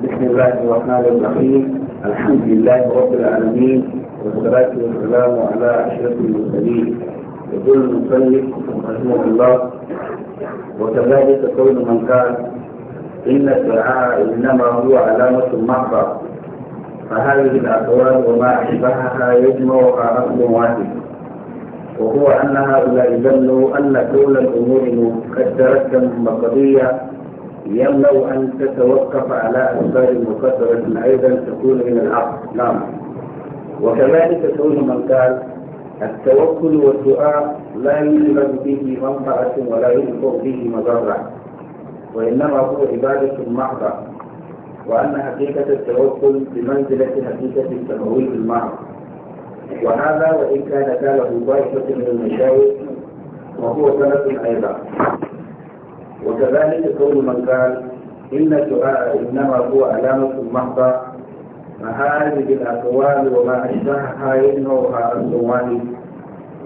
بسم الله الرحمن الرحيم الحمد لله رب العالمين والصلاة والسلام على أشرف المرسلين يقول المصلي رحمه الله وكذلك قول من قال إن الدعاء إنما هو علامة محضة فهذه الأقوال وما أشبهها يجمعها عقل واحد وهو أن هؤلاء ظنوا أن كل الأمور مقدرة مقضية ينبغي أن تتوقف على أسباب مكثرة أيضا تكون من العقل نعم وكذلك تقول من قال التوكل والدعاء لا يجلب به منفعة ولا ينفع به مضرة وإنما هو عبادة محضة وأن حقيقة التوكل بمنزلة حقيقة التمويل المحض وهذا وإن كان قاله طائفة من المشايخ وهو ثلاث أيضا وكذلك قول من قال إن الدعاء إنما هو علامة محضة فهذه الأقوال وما أشبهها يمنعها الصومالي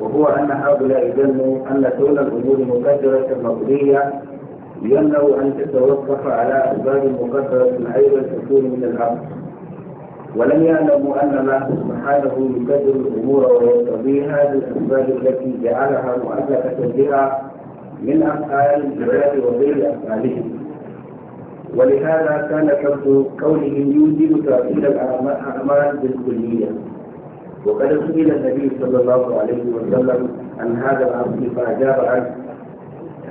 وهو أن هؤلاء ظنوا أن كون الأمور مقدرة مقضية يمنع أن تتوقف على أسباب مقدرة أيضا تكون من الأمر ولم يعلموا أن الله سبحانه يقدر الأمور ويقتضيها بالاسباب التي جعلها مؤلفة بها من أفعال الجبال وغير أفعالهم ولهذا كان كبد كونه يوجب تعطيل الأعمال بالكلية وقد سئل النبي صلى الله عليه وسلم عن هذا الأمر فأجاب عنه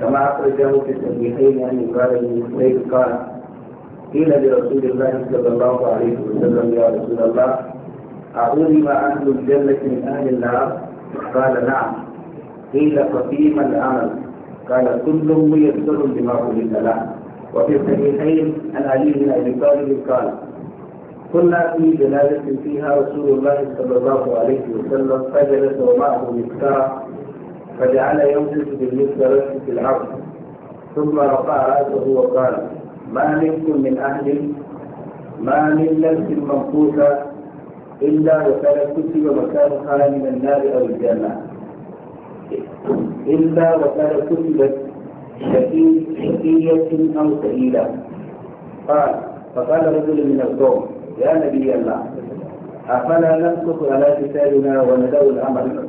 كما أخرجه في الصحيحين عن يقال بن قال قيل لرسول الله صلى الله عليه وسلم يا رسول الله أعلم أهل الجنة من أهل النار قال نعم قيل ففيما العمل كان كل ميسر بما قلت له وفي الصحيحين عن علي بن ابي طالب قال كنا في جنازة فيها رسول الله صلى الله عليه وسلم فجلس ومعه مسكرة فجعل يمسك بالمسكرة في العرض ثم رفع رأسه وقال ما منكم من أهل ما من نفس منقوصة إلا وكان كتب مكانها من النار أو الجنة إلا وقد كتبت شكية أو سئيلة قال فقال رجل من القوم يا نبي الله أفلا نسقط على كتابنا وندعو الأمل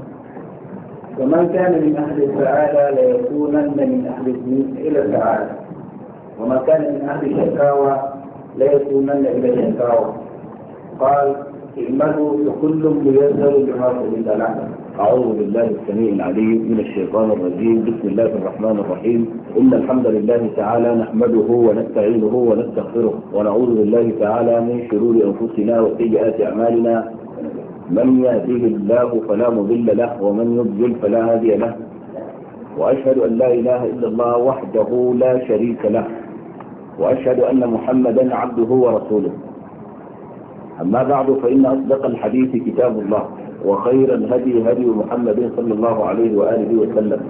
ومن كان من أهل السعادة ليكونن من أهل الدين إلى السعادة ومن كان من أهل الشكاوى ليكونن إلى الشكاوى قال إنه كل ميسر لما قلت له أعوذ بالله السميع العليم من الشيطان الرجيم بسم الله الرحمن الرحيم إن الحمد لله تعالى نحمده ونستعينه ونستغفره ونعوذ بالله تعالى من شرور أنفسنا وسيئات أعمالنا من يهديه الله فلا مضل له ومن يضلل فلا هادي له وأشهد أن لا إله إلا الله وحده لا شريك له وأشهد أن محمدا عبده ورسوله أما بعد فإن أصدق الحديث كتاب الله وخير الهدي هدي محمد صلى الله عليه وآله وسلم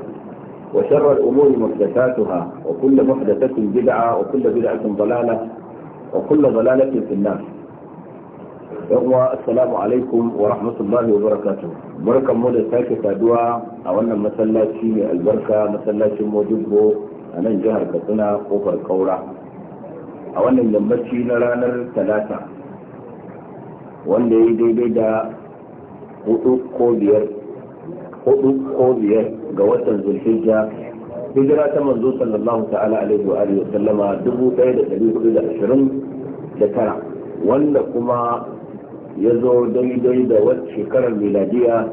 وشر الأمور محدثاتها وكل محدثة بدعة وكل بدعة ضلالة وكل ضلالة في النار يوم السلام عليكم ورحمة الله وبركاته بركة مولى ساكتة دعاء أولا مسلاتي البركة مسلاتي موجبه أنا جهر كتنا قفر كورة أولا لمشي نرانا ثلاثة wanda ya daidai da hudu ko biyar ga watan zulhijja hijira ta manzo sallallahu ta'ala alaihi wa alihi sallama dubu ɗaya da ɗari hudu da ashirin da tara wanda kuma ya zo daidai da wata shekarar miladiya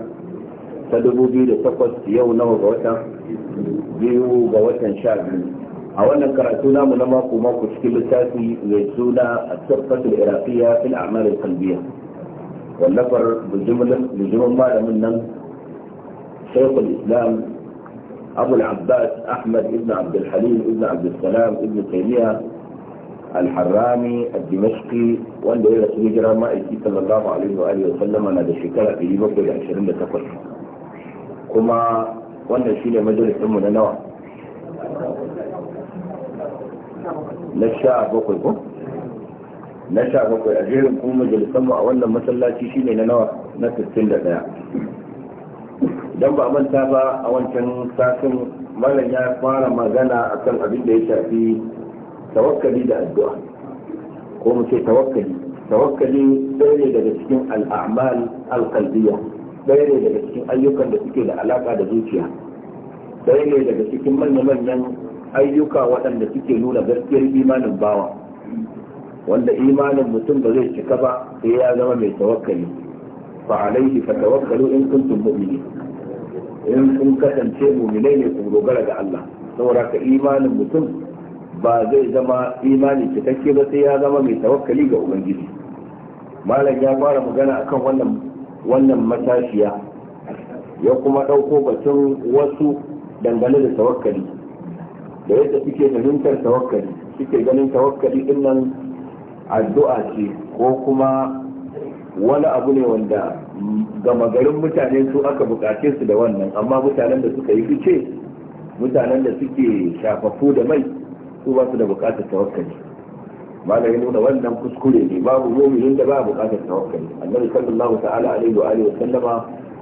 ta dubu biyu da takwas yau nawa ga watan biyu ga watan sha biyu a wannan karatu namu na mako mako cikin littafi mai suna a tsarfatul irafiya fil a'malin kalbiya والنفر بجمل مال من شيخ الإسلام أبو العباس أحمد ابن عبد الحليم ابن عبد السلام ابن تيمية الحرامي الدمشقي وانده إلى سنجرة ما إيسي صلى الله عليه وآله وسلم أنا ده شكرا في يبقى لعشرين لتفر كما وانده شيني مجلس أمنا نوع نشاء بوقي بوقي na sha bakwai a jerin kuma majalisan mu a wannan masallaci shine na nawa na 61 don ba manta ba a wancan sasin malam ya fara magana a kan abin da ya shafi tawakkali da addu'a ko mu ce tawakkali tawakkali ɗaya ne daga cikin al'amal alqalbiyya ɗaya ne daga cikin ayyukan da suke da alaka da zuciya ɗaya ne daga cikin manya-manyan ayyuka waɗanda suke nuna gaskiyar imanin bawa wanda imanin mutum ba zai cika ba sai ya zama mai tawakkali fa alaihi fa tawakkalu in kuntum mu'minin in kun kasance mu'minai ne ku dogara ga Allah saboda ka imanin mutum ba zai zama imani cikakke ba sai ya zama mai tawakkali ga ubangiji malam ya fara magana akan wannan wannan matashiya ya kuma ɗauko batun wasu dangane da tawakkali da yadda suke fahimtar tawakkali suke ganin tawakkali din nan addu'a ce ko kuma wani abu ne wanda gama garin mutane su aka bukace su da wannan amma mutanen da suka yi fice mutanen da suke shafafu da mai su ba su da bukatar tawakkali malami nuna wannan kuskure ne babu mu'minin da ba bukatar tawakkali annabi sallallahu ta'ala alaihi wa alihi wa sallama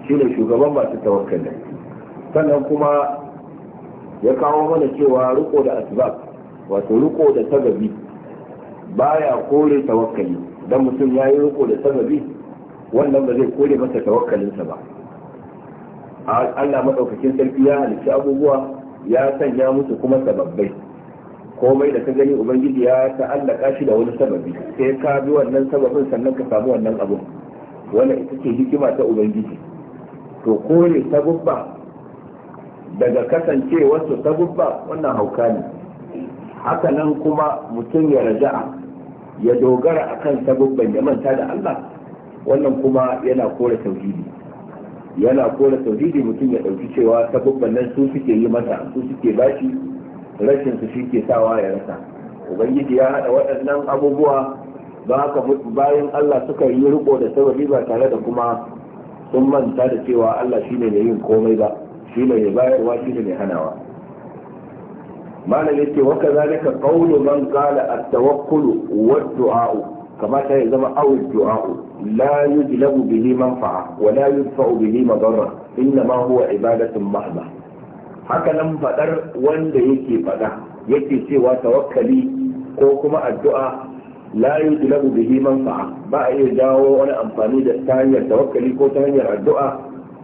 shine shugaban masu tawakkali sannan kuma ya kawo mana cewa riko da asbab wato riko da sababi baya kore tawakkali dan mutum ya yi roƙo da sababi wannan ba zai kore masa tawakkalinsa ba Allah madaukakin sarki ya halicci abubuwa ya sanya musu kuma sababbai komai da ka gani ubangiji ya ta'allaka shi da wani sababi sai ka bi wannan sababin sannan ka samu wannan abun wannan ita ce hikima ta ubangiji to kore sababba daga kasancewarsu sababba wannan hauka ne hakanan kuma mutum ya raja'a ya dogara a kan sabubban ya manta da Allah wannan kuma yana kore tauhidi yana kore tauhidi mutum ya ɗauki cewa sabubban nan su suke yi masa su suke bashi rashin su shi ke sawa ya rasa ubangiji ya hada waɗannan abubuwa ba haka bayan Allah suka yi riko da sababi ba tare da kuma sun manta da cewa Allah shine ne yin komai ba shine mai bayarwa shine mai hanawa malam yake wa kadhalika qawlu man qala at-tawakkul wa du'a kama ta ya zama aw du'a la yujlabu bihi manfa'a wa la yudfa'u bihi madarra inna ma huwa ibadatun mahdha haka nan fadar wanda yake fada yake cewa tawakkali ko kuma addu'a la yujlabu bihi manfa'a ba a iya dawo wani amfani da ta hanyar tawakkali ko ta hanyar addu'a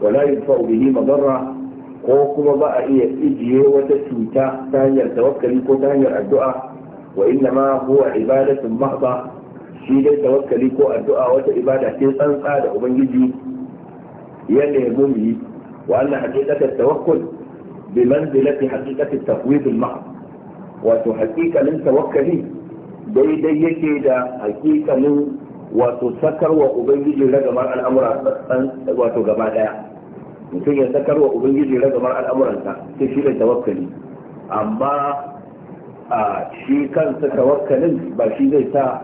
wa la yudfa'u bihi madarra ko kuma ba a iya ijiye wata cuta ta hanyar tawakkali ko ta hanyar addu'a wa inna ma huwa ibadatun mahda shi dai tawakkali ko addu'a wata ibada ce tsantsa da ubangiji ya nemi mu yi wa anna haqiqatat tawakkul bi manzilati haqiqatit tafwid al mahd wato haqiqanin tawakkali daidai yake da haqiqanin wato sakarwa ubangiji ragamar al'amura wato gaba daya mutum ya sakar wa ubangiji ragamar al'amuransa sai shi ne tawakkali amma a shi kansa tawakkalin ba shi zai sa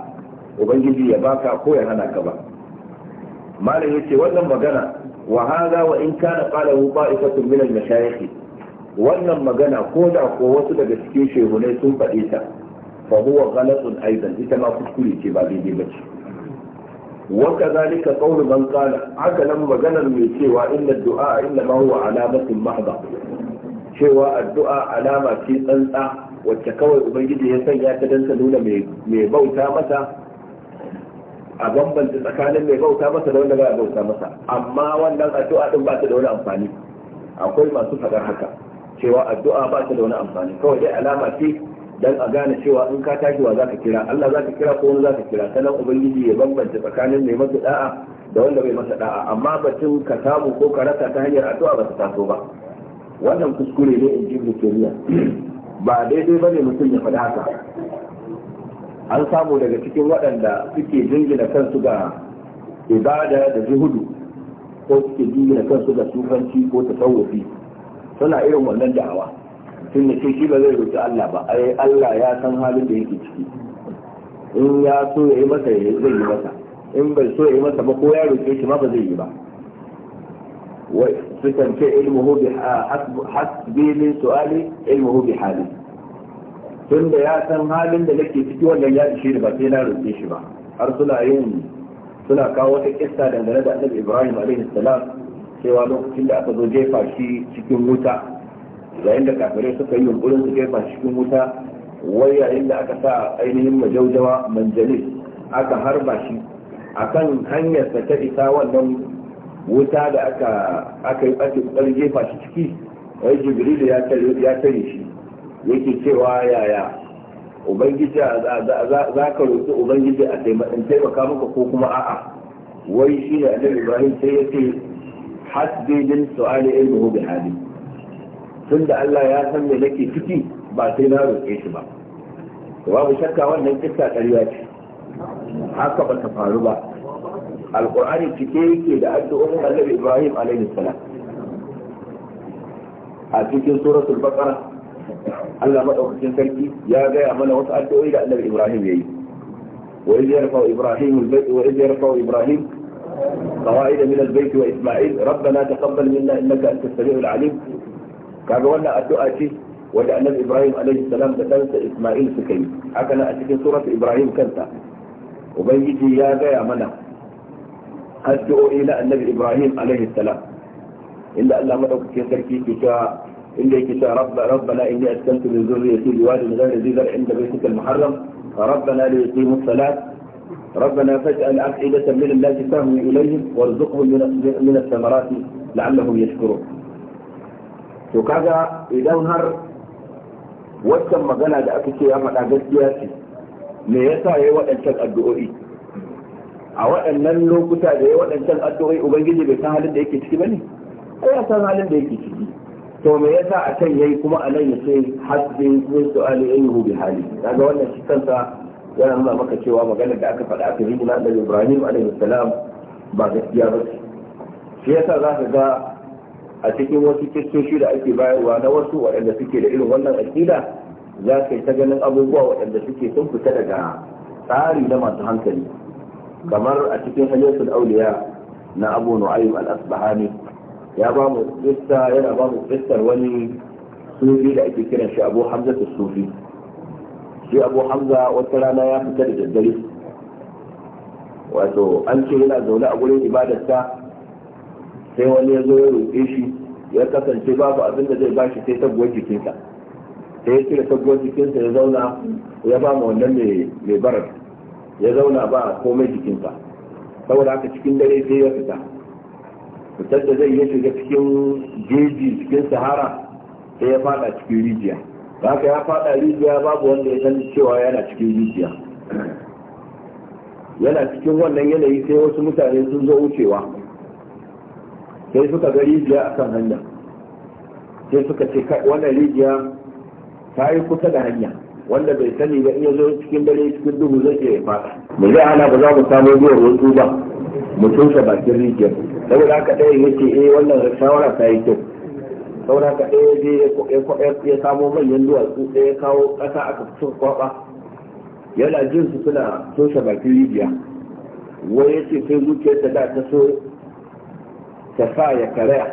ubangiji ya baka ko ya hana ka ba malam ce wannan magana wa hadha wa in kana qala hu ba'ifatun min al-mashayikh wannan magana ko da ko wasu daga cikin shehunai sun faɗe ta fa huwa ghalatun aidan ita ma kuskure ce ba daidai ba ce وكذلك قول من قال هكذا مجانا من سوى إن الدعاء addu'a هو علامة محضة wacce الدعاء علامة في أنت ta dan يسن يعتدن سنون bauta متى a bambanta tsakanin mai bauta masa da wanda baya bauta masa amma wannan addu'a din ba ta da wani amfani akwai masu faɗar haka cewa addu'a ba ta da wani amfani kawai dai alama ce dan a gane cewa in ka tashi wa zaka kira Allah zaka kira ko wani zaka kira sanan ubangiji ya bambanta tsakanin mai masa da'a da wanda bai masa da'a amma batun ka samu ko ka rasa ta hanyar addu'a ba ta taso ba wannan kuskure ne in ji Ibn ba daidai bane mutum ya faɗa haka an samu daga cikin waɗanda suke jingina kansu ga ibada da zuhudu ko suke jingina kansu ga sufanci ko tasawufi suna irin wannan da'awa tun da shi ba zai roƙi Allah ba ai Allah ya san halin da yake ciki in ya so ya yi masa ya zai yi masa in bai so ya yi masa ba ko ya roƙe shi ma ba zai yi ba wa sukan ce ilmuhu bi hasbi min su'ali ilmuhu bi hali tun da ya san halin da nake ciki wannan ya ishe ni ba sai na roƙe shi ba har suna yin suna kawo wata kissa dangane da Annabi Ibrahim alaihi salam cewa lokacin da aka zo jefa shi cikin wuta yayin da kafirai suka yi yunkurin su kai cikin wuta wai yayin da aka sa ainihin majaujawa manjalis aka harba shi akan hanyarsa ta isa wannan wuta da aka yi ake kwakwal jefa ciki wai jibril ya tare shi yake cewa yaya ubangiji za ka roƙi ubangiji a taimaka maka ko kuma a'a wai shi ne annabi ibrahim sai yake hasbi din su'ali ilmuhu bi halin tun da Allah ya san me nake ciki ba sai na roke shi ba babu shakka wannan kissa ƙarya ce haka ba ta faru ba alƙur'ani cike yake da addu'o'in annabi Ibrahim alaihi salam a cikin suratul baqara Allah madaukakin sarki ya ga ya mana wasu addu'o'i da annabi Ibrahim yayi wa idh yarfa'u Ibrahim al-bayt wa idh yarfa'u Ibrahim قوائد من البيت وإسماعيل ربنا تقبل منا إنك أنت السميع العليم kaga wannan addu'a ce wanda annabi ibrahim alaihi salam da ɗansa isma'il suka yi haka nan a cikin surat ibrahim kanta ubangiji ya gaya mana addu'o'i na annabi ibrahim alaihi salam inda allah madaukake sarki ke cewa inda yake cewa rabba rabbana inni askantu min zurriyyati biwadin ghayri dhi zar'in inda baytika al-muharram rabbana li yuqimu salat ربنا فاجعل أفئدة من الناس تهوي إليهم وارزقهم من الثمرات لعلهم يشكرون to kaga idan har wancan magana da aka ce ya faɗa gaskiya ce me yasa yayi waɗancan addu'o'i a waɗannan lokuta da yayi waɗancan addu'o'i ubangiji bai san halin da yake ciki bane ko ya san halin da yake ciki to me yasa a can yayi kuma a nan ya ce hasbi min su'ali ayyuhu bi hali kaga wannan shi kansa yana nuna maka cewa maganar da aka faɗa aka yi da Ibrahim alaihi salam ba gaskiya ba ce shi yasa za ka ga a cikin wasu kistoshi da ake bayarwa na wasu waɗanda suke da irin wannan aƙida za ka yi ta ganin abubuwa waɗanda suke sun fita daga tsari na masu hankali kamar a cikin hajjatul auliya na abu nu'aym al-asbahani ya ba mu kista yana ba mu kistar wani sufi da ake kiran shi abu hamza ta sufi shi abu hamza wata rana ya fita da daddare wato an ce yana zaune a gurin ibadarsa sai wani ya zo ya roƙe shi ya kasance babu abin da zai bashi sai taguwar jikinsa sai ya cire taguwar jikinsa ya zauna ya ba ma wannan mai barar ya zauna ba komai jikinsa saboda haka cikin dare sai ya fita fitar da zai ya shiga cikin jeji cikin sahara sai ya fada cikin rijiya haka ya fada rijiya babu wanda ya san cewa yana cikin rijiya yana cikin wannan yanayi sai wasu mutane sun zo wucewa sai suka ga rijiya a kan hanya sai suka ce wannan rijiya ta yi kusa da hanya wanda bai sani ba iya zo cikin dare cikin duhu zai iya fada Mu zai hana ba za mu samu ruwan wasu ba mu tushe bakin rijiyar saboda haka ɗaya ya ce eh wannan shawara ta yi kyau saboda haka ɗaya ya je ya samo manyan duwatsu ɗaya ya kawo ƙasa ka fi kwaba yana jin su suna tushe bakin rijiya wai ya ce sai zuciyarsa da ta so ta sa ya karaya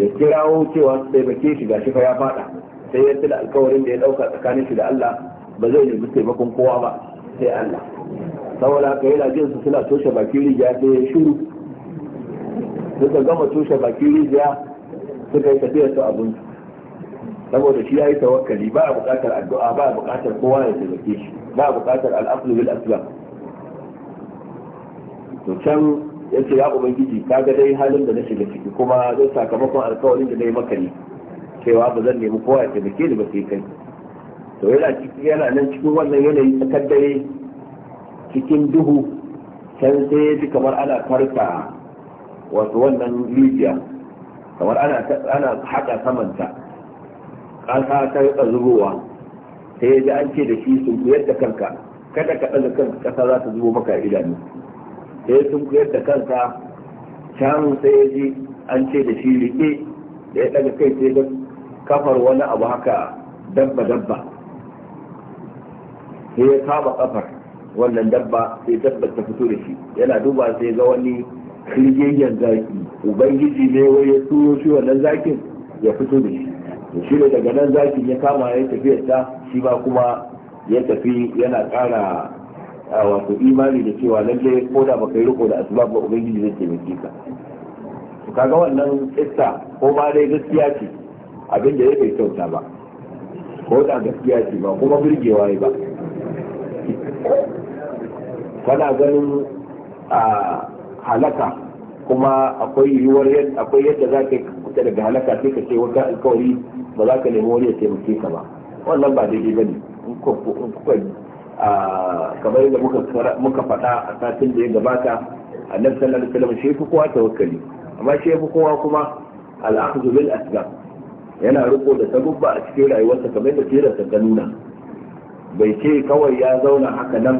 ya kirawo cewa su taimake shi ga shi fa ya fada sai ya tuna alkawarin da ya dauka tsakanin shi da Allah ba zai nemi taimakon kowa ba sai Allah saboda haka yana jin su suna toshe bakin rijiya sai ya shiru suka gama toshe bakin rijiya suka yi tafiyar su abin saboda shi ya yi tawakkali ba a buƙatar addu'a ba a buƙatar kowa ya taimake shi ba a buƙatar al'aqlu bil aslam to can ya ce ya ubangiji ka ga dai halin da na shiga ciki kuma zai sakamakon alkawarin da na yi maka ne cewa ba zan nemi kowa ya taimake ni ba sai kai to yana ciki yana nan cikin wannan yanayi tsakar dare cikin duhu can sai ya ji kamar ana farka wato wannan libya kamar ana haɗa samanta ƙasa ta rika zubowa sai ya ji an ce da shi sun yadda kanka kada ka ɗaga kanka ƙasa za ta zubo maka idanu da ya tunkuyar da kansa shanun sai ya ji an ce da shi rike da ya ɗaga kai sai da kafar wani abu haka dabba dabba sai ya kama kafar wannan dabba sai dabba ta fito da shi yana duba sai ga wani kirgiyar zaki ubangiji ne wai ya turo shi wannan zakin ya fito da shi da shi daga nan zakin ya kama ya tafiyar ta shi ma kuma ya tafi yana kara wato imani da cewa lalle ko da baka yi riko da asbab ba ubangiji zai taimake ka to kaga wannan kissa ko ba dai gaskiya ce abin da yake kyauta ba ko da gaskiya ce ba kuma burgewa ba kana ganin a halaka kuma akwai yiwuwar akwai yadda za ka kuta daga halaka sai ka ce wata alkawari ba za ka nemi wani ya taimake ka ba wannan ba daidai ba ne in kuka kamar yadda muka faɗa a satin da ya gabata a nan alaihi wasallam shi fi kowa tawakkali amma shi fi kowa kuma al'adu bil asgar yana riko da sabubba a cikin rayuwarsa kamar da sirarsa ta nuna bai ce kawai ya zauna haka nan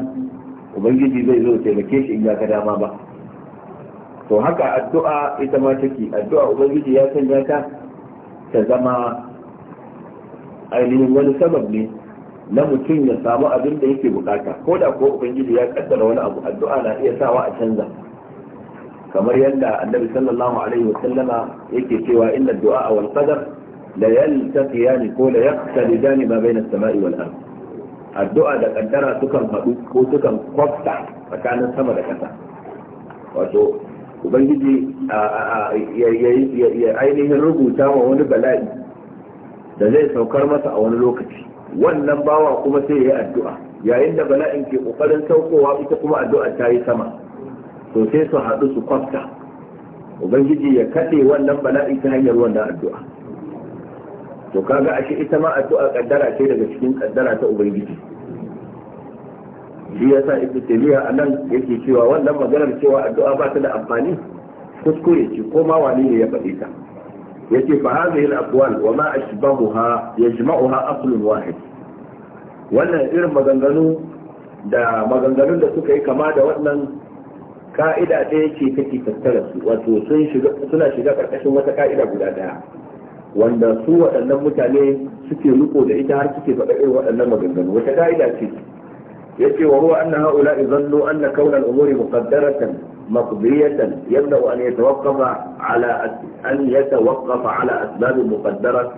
ubangiji zai zo taimake shi in ga dama ba to haka addu'a ita ma take addu'a ubangiji ya sanya ta ta zama ainihin wani sabab ne na mutum ya samu abin da yake bukata ko da ko ubangiji ya kaddara wani abu addu'a na iya sawa a canza kamar yadda annabi sallallahu alaihi wa sallama yake cewa inna du'a wal qadar la yaltaqiyani ko la yaqtalidani ma bayna as-sama'i wal ard addu'a da kaddara sukan hadu ko sukan kwafta tsakanin sama da kasa wato ubangiji ya ainihin rubuta wa wani bala'i da zai saukar masa a wani lokaci wannan bawa kuma sai ya yi addu'a yayin da bala'in ke kokarin saukowa ita kuma addu'a ta yi sama to sai su haɗu su kwafta ubangiji ya kaɗe wannan bala'i ta hanyar wannan addu'a to kaga ashe ita ma addu'a kaddara ce daga cikin kaddara ta ubangiji shi yasa ibnu taymiya anan yake cewa wannan maganar cewa addu'a ba ta da amfani kuskure ce ko ma wani ne ya faɗi ta yace fa hadhihi al-aqwal wa ma ashbahuha yajma'uha aqlun wahid wannan irin maganganu da maganganun da suka yi kama da wannan ka'ida ɗaya ce take tattara su wato suna shiga ƙarƙashin wata ka'ida guda ɗaya wanda su waɗannan mutane suke riko da ita har suke faɗa irin waɗannan maganganu wata ka'ida ce yace wa huwa anna ha'ula'i zannu anna kauna kaunar umuri muqaddaratan مقضية يبدأ أن يتوقف على أن يتوقف على أسباب مقدرة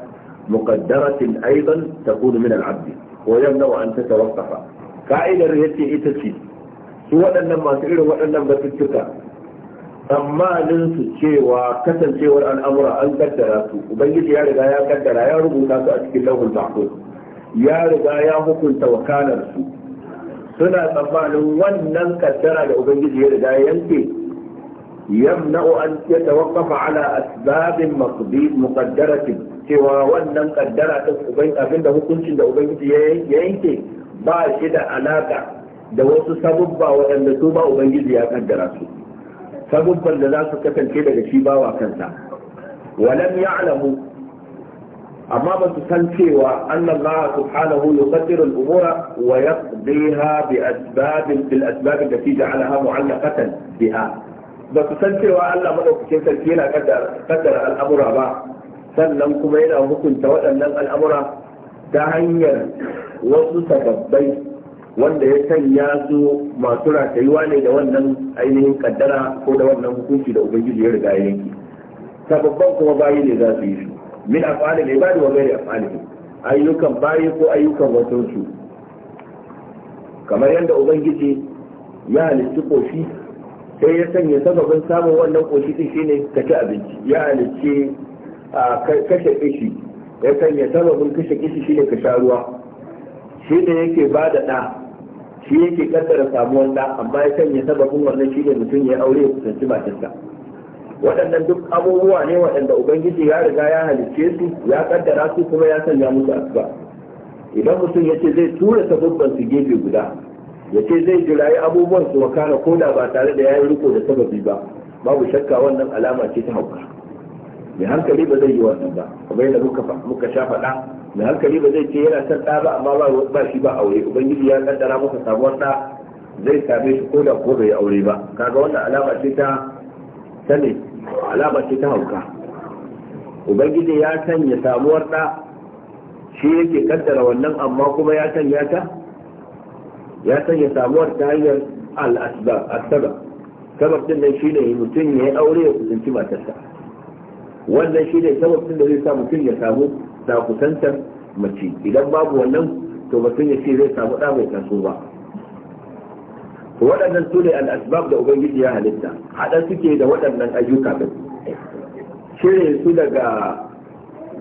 مقدرة أيضا تكون من العبد ويبدأ أن تتوقف كائل ريتي إتسي سوى لما ما تقول وأن ما تتكى أما ننسى الشيء وكسن شيء والآن أمر أن تدرات وبيت يا رجاء يا كدر يا رجاء يا رجاء يا رجاء يا رجاء يا رجاء يا رجاء يا رجاء suna tsammanin wannan kaddara da ubangiji ya riga yanke yamna'u an ya tawaffafa ala asbabin maqdid muqaddaratin cewa wannan kaddara ta ubangiji abinda hukuncin da ubangiji ya yanke ba shi da alaka da wasu sabubba waɗanda su ba ubangiji ya kaddara su sabubban da za su kasance daga shi bawa kansa walam ya'lamu amma ba su san cewa annallaha subhanahu yuqaddiru al-umura wa biha bi asbab bil asbab allati ja'alaha mu'allaqatan biha ba su san cewa Allah madaukakin sarki yana kaddara al'amura ba sannan kuma yana hukunta waɗannan al'amura ta hanyar wasu sababbai wanda ya sanya su masu ratayuwa ne da wannan ainihin kaddara ko da wannan hukunci da ubangiji ya riga ya yanki sababbin kuma bayi ne za su yi su min ba da wa ya af'alihi ayyukan bayi ko ayyukan wasansu kamar yadda ubangiji ya halitta koshi sai ya sanya sababin samun wannan koshi din shine ka ci abinci ya a kashe kishi ya sanya sababin kashe kishi shine ka sha ruwa shi ne yake ba da ɗa shi yake kaddara samuwar ɗa amma ya sanya sababin wannan shi ne mutum ya aure ya kusanci matarsa waɗannan duk abubuwa ne waɗanda ubangiji ya riga ya halicce su ya kaddara su kuma ya sanya musu asuba idan mutum ya ce zai tura sabbin su gefe guda ya ce zai jirayi abubuwan su wakana ko da ba tare da ya yi riko da sababi ba babu shakka wannan alama ce ta hauka mai hankali ba zai yi wannan ba kamar yadda muka sha faɗa mai hankali ba zai ce yana son ɗa ba amma ba shi ba aure ubangiji ya kaddara masa sabuwar ɗa zai same shi ko da ko bai aure ba kaga wannan alama ce ta ta alama ce ta hauka ubangiji ya sanya samuwar da shi yake kaddara wannan amma kuma ya sanya ta ya sanya samuwar ta hanyar al'asba asbab asbab sabab din nan shine mutum ya yi aure ya kusanci matarsa wannan shine sabab din da zai sa mutum ya samu ta kusantar mace idan babu wannan to mutum ya ce zai samu ɗa mai taso ba waɗannan su ne al'asbab da ubangiji ya halitta haɗa suke da waɗannan ayyuka ɗin cire su daga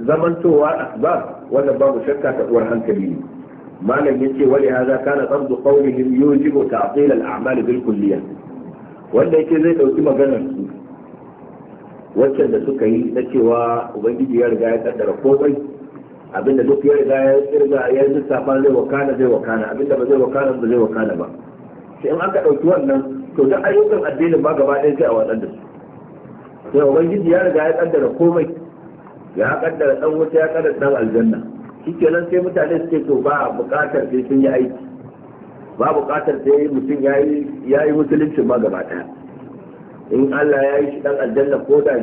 zamantowa asbab wannan babu shakka ta uwar hankali ne malam ya yace wali hadha kana qabdu qawlihim yujibu ta'til al-a'mal bil kulliyah wanda yake zai ɗauki maganar su wacce da suka yi na cewa ubangiji ya riga ya kaddara komai abinda duk ya riga ya riga ya lissafa zai wakana zai wakana abinda ba zai wakana ba zai wakana ba sai in aka ɗauki wannan to duk ayyukan addinin ba gaba ɗaya sai a watsar da su sai ubangiji ya riga ya kaddara komai ya kaddara dan wuta ya kaddara dan aljanna shikenan sai mutane suke to ba buƙatar sai sun yi aiki ba buƙatar sai mutum ya yi musulunci ma gaba ɗaya in Allah ya yi shi dan aljanna ko da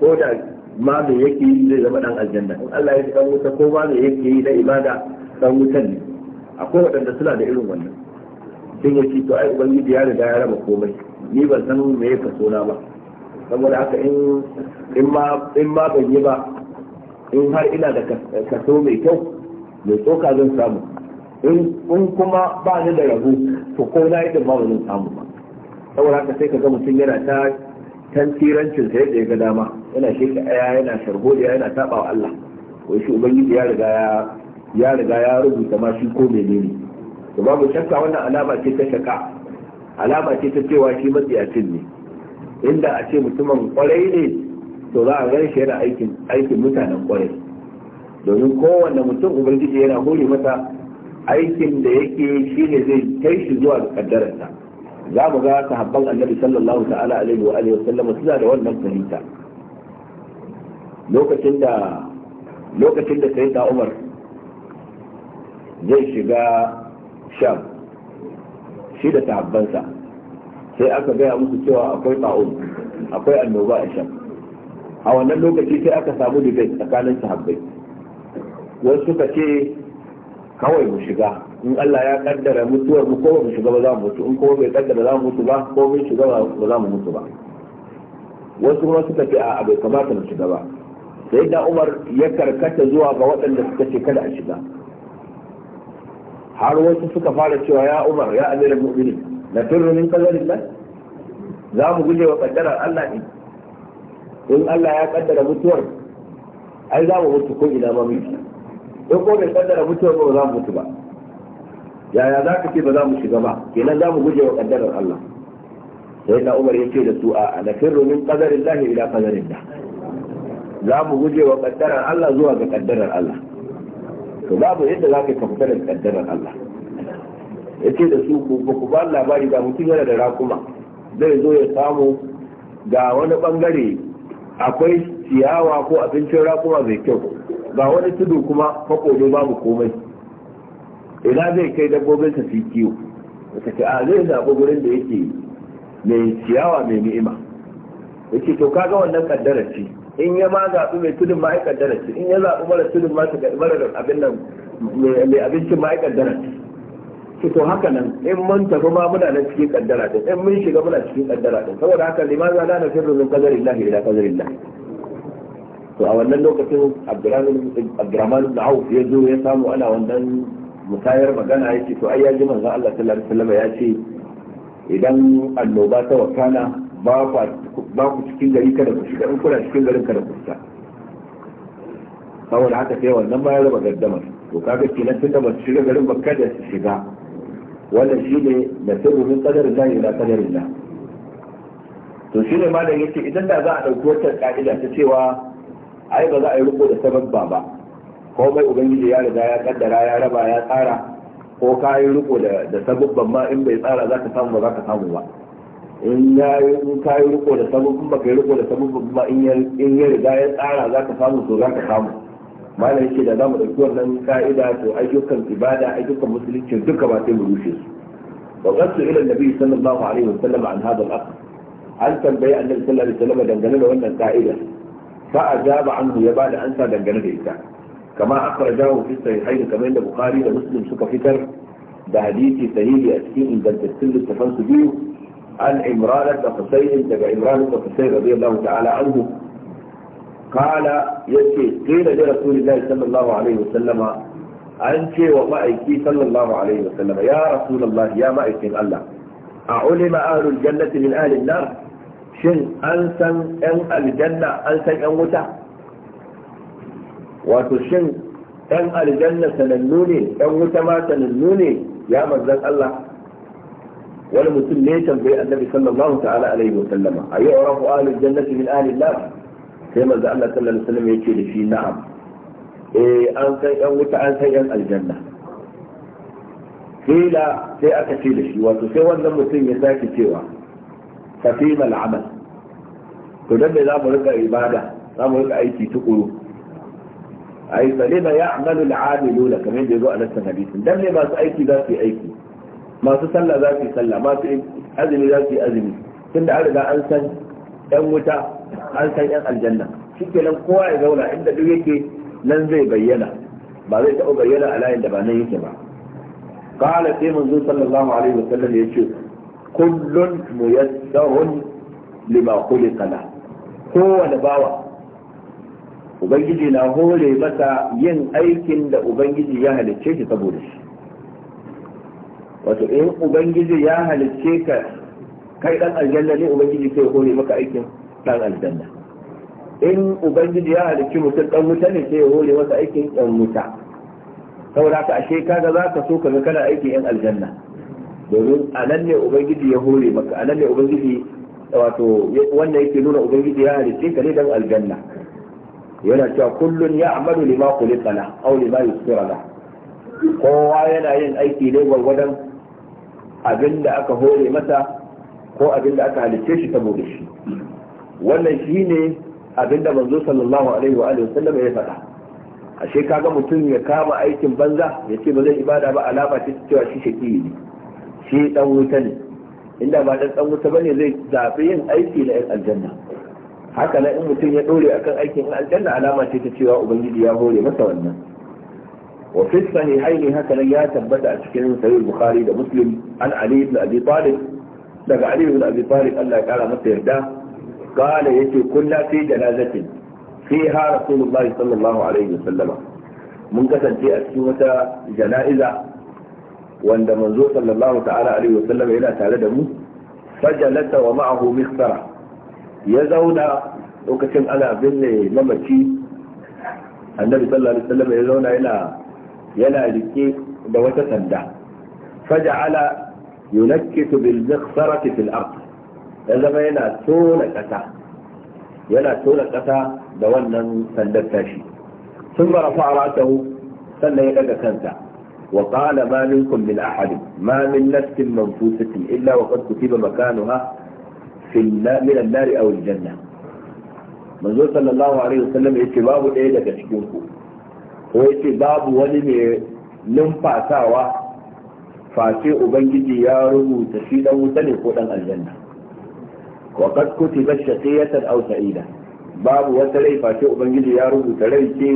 ko da ma me yake yi zai zama dan aljanna in Allah ya yi dan wuta ko ma me yake yi na ibada dan wutan ne akwai waɗanda suna da irin wannan sun ya to ai ubangiji ya riga ya raba komai ni ban san me ya kaso na ba saboda haka in in ma in ma ban yi ba in har ina da kaso mai kyau mai tsoka zan samu in kuma ba ni da rabu to ko na yi da ba zan samu ba saboda haka sai ka ga mutum yana ta tantirancin sa yadda ya ga dama yana sheka aya yana sharhodiya yana saba wa Allah wai shi ubangiji ya riga ya ya riga ya rubuta ma shi ko menene to babu shakka wannan alama ce ta shaka alama ce ta cewa shi matsiyacin ne inda a ce mutumin kwarai ne to za a gan shi yana aikin mutanen kwarai domin kowane mutum ubangiji yana hori mata, aikin da yake shi ne zai kai shi zuwa ga kaddararsa za mu ga sahabban annabi sallallahu ta'ala alaihi wa alihi wasallam suna da wannan fahimta lokacin da lokacin da sai umar zai shiga sham shi da sahabbansa sai aka gaya musu cewa akwai ta'un akwai annoba a sham a wannan lokaci sai aka samu debate tsakanin sahabbai wasu suka ce kawai mu shiga in Allah ya kaddara mutuwar mu ko mu shiga ba za mu mutu in kuma bai kaddara za mu mutu ba ko mun shiga ba za mu mutu ba wasu kuma suka ce a bai kamata mu shiga ba sai da Umar ya karkata zuwa ga waɗanda suka ce kada a shiga har wasu suka fara cewa ya umar ya amiral mu'minin na firru min qadarillah za mu guje wa kaddarar Allah ne in Allah ya kaddara mutuwar ai za mu mutu ko ina ma miki in ko bai kaddara mutuwar ba za mu mutu ba yaya za ka ce ba za mu shiga ba kenan za mu guje wa kaddarar Allah sai na Umar ya ce da su a na firru min qadarillah ila qadarillah za mu guje wa kaddarar Allah zuwa ga kaddarar Allah to babu yadda za ka fita da kaddarar Allah ya ce da su ku ba ku ba labari ga mutum yana da rakuma zai zo ya samu ga wani bangare akwai ciyawa ko abincin rakuma mai kyau ga wani tudu kuma fakodo babu komai ina zai kai dabbobin su yi kiwo ka ce a zai zaɓi gurin da yake mai ciyawa mai ni'ima yake to kaga wannan kaddarar ce in ya ma zaɓi mai tudun ma'aikar ya in ya zaɓi mara tudun ma mara da abin nan mai abincin ma ya su to haka nan in mun tafi ma muna nan cikin kaddara din in mun shiga muna cikin kaddara din saboda haka limaza la nafirru min qadari llahi ila qadari to a wannan lokacin abdurrahman na auf ya zo ya samu ana wannan musayar magana ya ce to ai ya ji manzan Allah sallallahu alaihi wasallam ya ce idan annoba ta wakana ba ku cikin gari kada ku shiga in kuna cikin garin kada ku fita saboda haka sai wannan ba ya raba gaddama to kaga kenan tunda ba su shiga garin ba kada su shiga wannan shine da sirru min qadarin lahi ila qadarin da. to shi ne malam yake idan da za a ɗauki wancan ka'ida ta cewa ai ba za a yi riko da sababba ba ko mai ubangiji ya riga ya kaddara ya raba ya tsara ko ka yi riko da sababban ma in bai tsara za ka samu ba za ka samu ba in ya yi ka yi riko da sabu kuma ka yi riko da sabu kuma in ya riga ya tsara za ka samu to za ka samu malam yake da zamu mu ɗauki wannan ka'ida to ayyukan ibada ayyukan musulunci duka ba sai mu rushe su wa qasu ila nabi sallallahu alaihi wa sallam an hadha al-aqd an tambayi annabi sallallahu alaihi wa sallam dangane da wannan ka'ida fa ajaba anhu ya bada ansa dangane da ita kama akhrajahu fi sahihayn kamar inda bukhari da muslim suka fitar da hadisi sahihi a cikin ingantattun littafan su biyu an imran da husayn daga imran da husayn radiyallahu ta'ala anhu kala yace qila li rasulillahi sallallahu alaihi wasallama an ce wa ma'aiki sallallahu alaihi wasallam ya rasulullah ya ma'aikin Allah a ulima ahlul jannati min ahlin shin an san yan aljanna an san yan wuta wato shin yan aljanna sanannu ne yan wuta ma sanannu ne ya manzon Allah wani mutum ne tambayi annabi sallallahu ta'ala alaihi wa sallama a yau rafu ahlul jannati min ahlil nar sai manzo Allah sallallahu alaihi wasallam yake da shi na'am eh an san yan wuta an san yan aljanna kila sai aka ce da shi wato sai wannan mutum ya sake cewa fatima al'amal to dan za mu rika ibada za mu rika aiki tukuru ai falima ya'malu al'amiluna kamar da yazo a nan hadisin dan ne masu aiki za su yi aiki masu sallah za su yi sallah masu azumi za su yi azumi tunda an riga an san yan wuta an san yan aljanna nan kowa ya zauna inda duk yake nan zai bayyana ba zai taɓa bayyana a layin da ba nan yake ba qala sai manzo sallallahu alaihi wasallam yace kullun muyassarun lima khuliqa la kowane bawa ubangiji na hore masa yin aikin da ubangiji ya halicce shi saboda shi wato in ubangiji ya halicce ka kai dan aljanna ne ubangiji sai hore maka aikin dan aljanna in ubangiji ya halicce mutum dan wuta ne sai hore masa aikin dan wuta saboda ka ashe kaga zaka so ka kana aiki yan aljanna domin anan ne ubangiji ya hore maka anan ne ubangiji wato wanda yake nuna ubangiji ya halicce ka ne dan aljanna yana cewa kullun ya'malu lima khuliqa la aw lima yusira kowa yana yin aiki ne gwargwadon abin da aka hore masa ko abin da aka halicce shi saboda shi wannan shi ne abin da manzo sallallahu alaihi wa alihi wasallam ya faɗa ashe kaga mutum ya kama aikin banza ya ce ba zai ibada ba alama ce cewa shi shaki ne shi dan wuta ne inda ba dan dan wuta bane zai zabi yin aiki na yan aljanna haka nan in mutum ya dore akan aikin aljanna alama ce ta cewa ubangiji ya hore masa wannan wa fi sahihaini haka nan ya tabbata a cikin sahih bukhari da muslim an ali ibn abi talib daga ali ibn abi talib Allah kara masa yarda qala yace kunna fi janazatin fiha rasulullahi sallallahu alaihi wasallam mun kasance a cikin wata jana'iza wanda manzo sallallahu ta'ala alaihi wasallam yana tare da mu fajalata wa ma'ahu mikhtara ya zauna lokacin ana binne mamaci annabi sallallahu alaihi ya zauna yana yana rike da wata sanda faja'ala yunakkitu bil maghfarati fil ard ya zama yana tona kasa yana tona kasa da wannan sandar tashi sun bara fa'aratahu sannan ya daga kansa وقال ما منكم من أحد ما من نفس منفوسة إلا وقد كتب مكانها في النار من النار أو الجنة منظور صلى الله عليه وسلم daya daga cikin ku. wai ce babu wani mai numfasawa face ubangiji ya rubuta shi dan wuta ne ko dan aljanna wa qad kutiba shaqiyatan aw sa'ida babu wata rai face ubangiji ya rubuta rai ce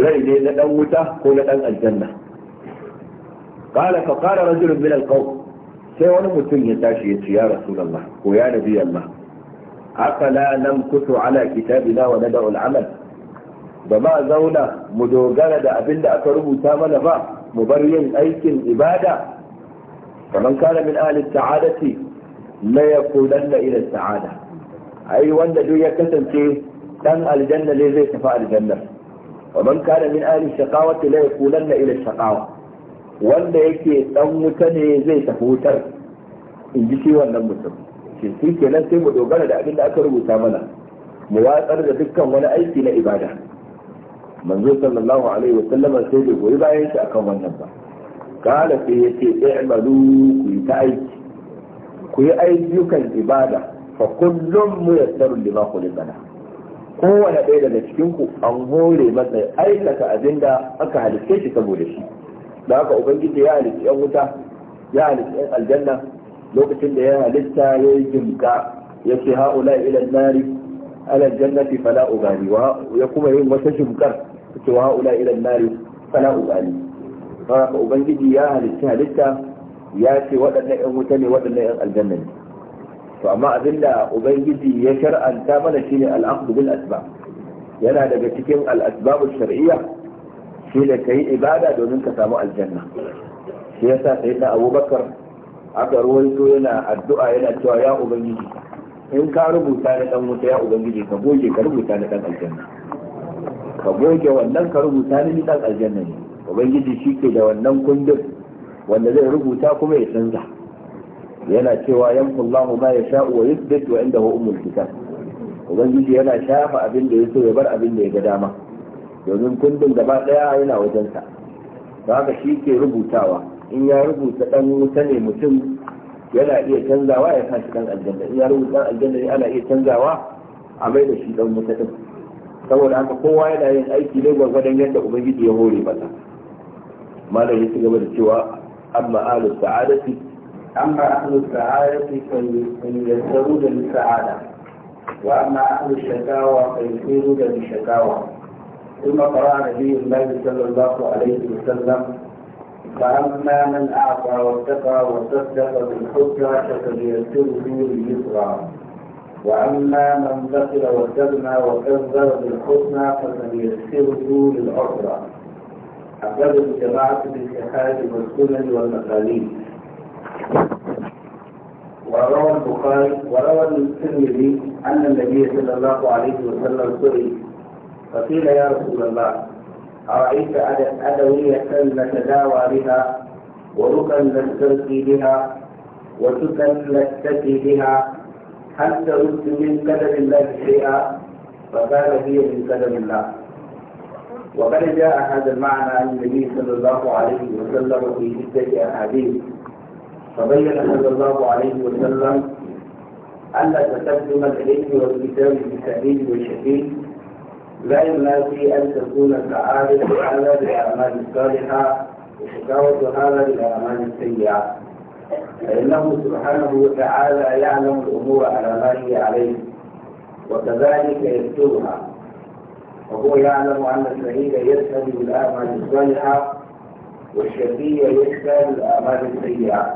rai ne na dan wuta ko na dan aljanna qala fa qala rajulun min alqawm sai wani mutum ya tashi ya ce ya rasulullah ko ya nabi allah afala namkutu ala kitabina wa nad'u al'amal ba zauna mu dogara da abin da aka rubuta mana ba mu bar yin aikin ibada kaman kana min ahli sa'adati la yaqulanna ila sa'ada ai wanda duk ya kasance dan aljanna ne zai tafi aljanna ومن كان من اهل الشقاوه لا يقولن ila الشقاوه wanda yake dan wuta ne zai tafi wutar in ji shi wannan mutum shi shi kenan sai mu dogara da abin da aka rubuta mana mu watsar da dukkan wani aiki na ibada manzo sallallahu alaihi wa sallama sai da goyi bayan shi akan wannan ba kala sai ce i'malu ku yi ta aiki ku yi ayyukan ibada fa kullum muyassaru lima khuliqa lahu kowane ɗaya daga cikin ku an hore masa ya aikata abin da aka halitta shi saboda shi da haka ubangiji ya halitta yan wuta ya halitta yan aljanna lokacin da ya halitta ya yi jimka ya ce ha'ula ila nari ala jannati fala ugari ya kuma yin wata jimkar suke wa haula ila nari fala ubali haka ubangiji ya halitta halitta ya ce waɗannan yan wuta ne waɗannan yan aljanna ne to amma abinda ubangiji ya shar'anta mana shine al bil asbab yana daga cikin al-asbab shar'iyya shi da kai ibada domin ka samu aljanna shi yasa sayyidina abubakar aka ruwaito yana addu'a yana cewa ya ubangiji in ka rubuta ni dan wuta ya ubangiji ka goge ka rubuta na dan aljanna ka goge wannan ka rubuta ni dan aljanna ne ubangiji shi ke da wannan kundin wanda zai rubuta kuma ya canza yana cewa yanfullahu ma yasha'u wa yuthbit wa indahu umul kitab ubangiji yana shafa abin da ya so ya bar abin da ya ga dama domin kundin gaba daya yana wajensa don haka shi ke rubutawa in ya rubuta dan wuta ne mutum yana iya canzawa ya sa shi dan aljanna in ya rubuta aljanna ne ana iya canzawa a mai da shi dan wuta din saboda haka kowa yana yin aiki ne gwargwadon yadda ubangiji ya hore mata malam ya ci gaba da cewa amma alu sa'adati amma alu sa'adati kan yi yassaru da sa'ada wa amma alu shakawa kan yi yassaru da shakawa in ma fara da biyu na ثم قرأ نبي الله صلى الله عليه وسلم فأما من أعطى واتقى وصدق بالحسنى فسنيسره لليسرى وأما من بخل وكذب وكذب بالحسنى فسنيسره للأخرى أخرج الجماعة بالشهادة والسنن والمقاليد وروى البخاري وروى الترمذي أن النبي صلى الله عليه وسلم سئل فقيل يا رسول الله أرأيت أدوية نتداوى بها ورقا نسترقي بها وسكا نستكي بها هل ترد من قدر الله شيئا فقال هي من قدر الله وقد جاء هذا المعنى عن النبي صلى الله عليه وسلم في عدة أحاديث فبين صلى الله عليه وسلم أن تقدم العلم والكتاب بالسبيل والشديد لا ينافي أن تكون سعادة هذا بالأعمال الصالحة وشكاوة هذا بالأعمال السيئة فإنه سبحانه وتعالى يعلم الأمور على ما هي عليه وكذلك يكتبها وهو يعلم أن الشهيد يشهد بالأعمال الصالحة والشقي يشهد الأعمال السيئة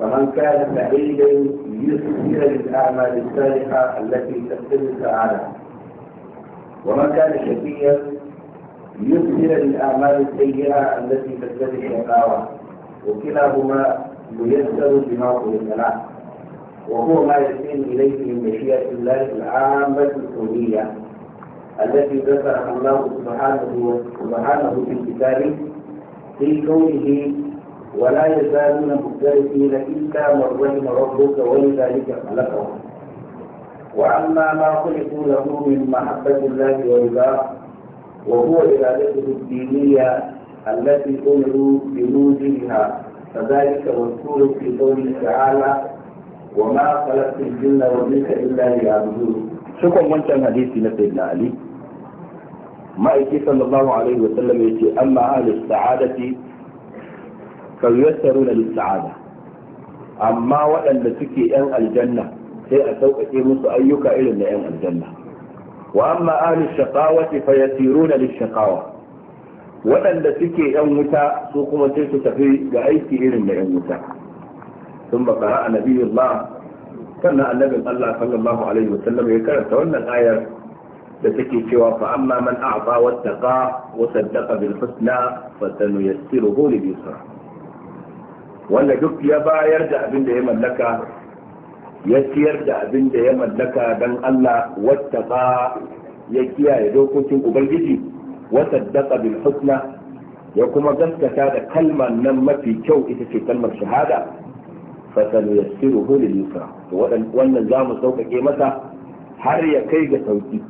فمن كان سعيدا يسير للأعمال الصالحة التي تكتب السعادة ومن كان شقيا يسير للأعمال السيئة التي تكتب الشقاوة وكلاهما ميسر بما قلت له وهو ما يسير اليه من مشيئه الله العامه الكونيه التي ذكرها الله سبحانه سبحانه في كتابه في كونه ولا يزالون مختلفين الا من رحم ربك ولذلك خلقهم واما ما خلقوا له من محبه الله ورضاه وهو ارادته الدينيه التي امروا بموجبها فذلك مذكور في قوله تعالى وما خلقت الجن والانس الا ليعبدون شكرا wancan hadisi na sayyidina ali ma'aiki sallallahu alaihi wa sallam yace amma ahli sa'adati fa yuyassaruna lis sa'ada amma waɗanda suke yan aljanna sai a sauƙaƙe musu ayyuka irin na yan aljanna wa amma ahli shaqawati fa yasiruna lis shaqawa waɗanda suke yan wuta su kuma sai su tafi ga aiki irin da yan wuta sun ba ƙara a nabiyar ba sannan annabin Allah sallallahu alaihi wasallam ya karanta wannan ayar da take cewa fa amma man a'ta wattaqa wa saddaqa bil husna fa sanuyassiruhu lil yusra wanda duk ya bayar da abin da ya mallaka ya ciyar da abin da ya mallaka dan Allah wattaqa ya kiyaye dokokin ubangiji wa saddaqa bil ya kuma gaskata da kalma nan mafi kyau ita ce kalmar shahada fa sanuyassiruhu lil yusra to wannan zamu sauƙaƙe masa har ya kai ga sauki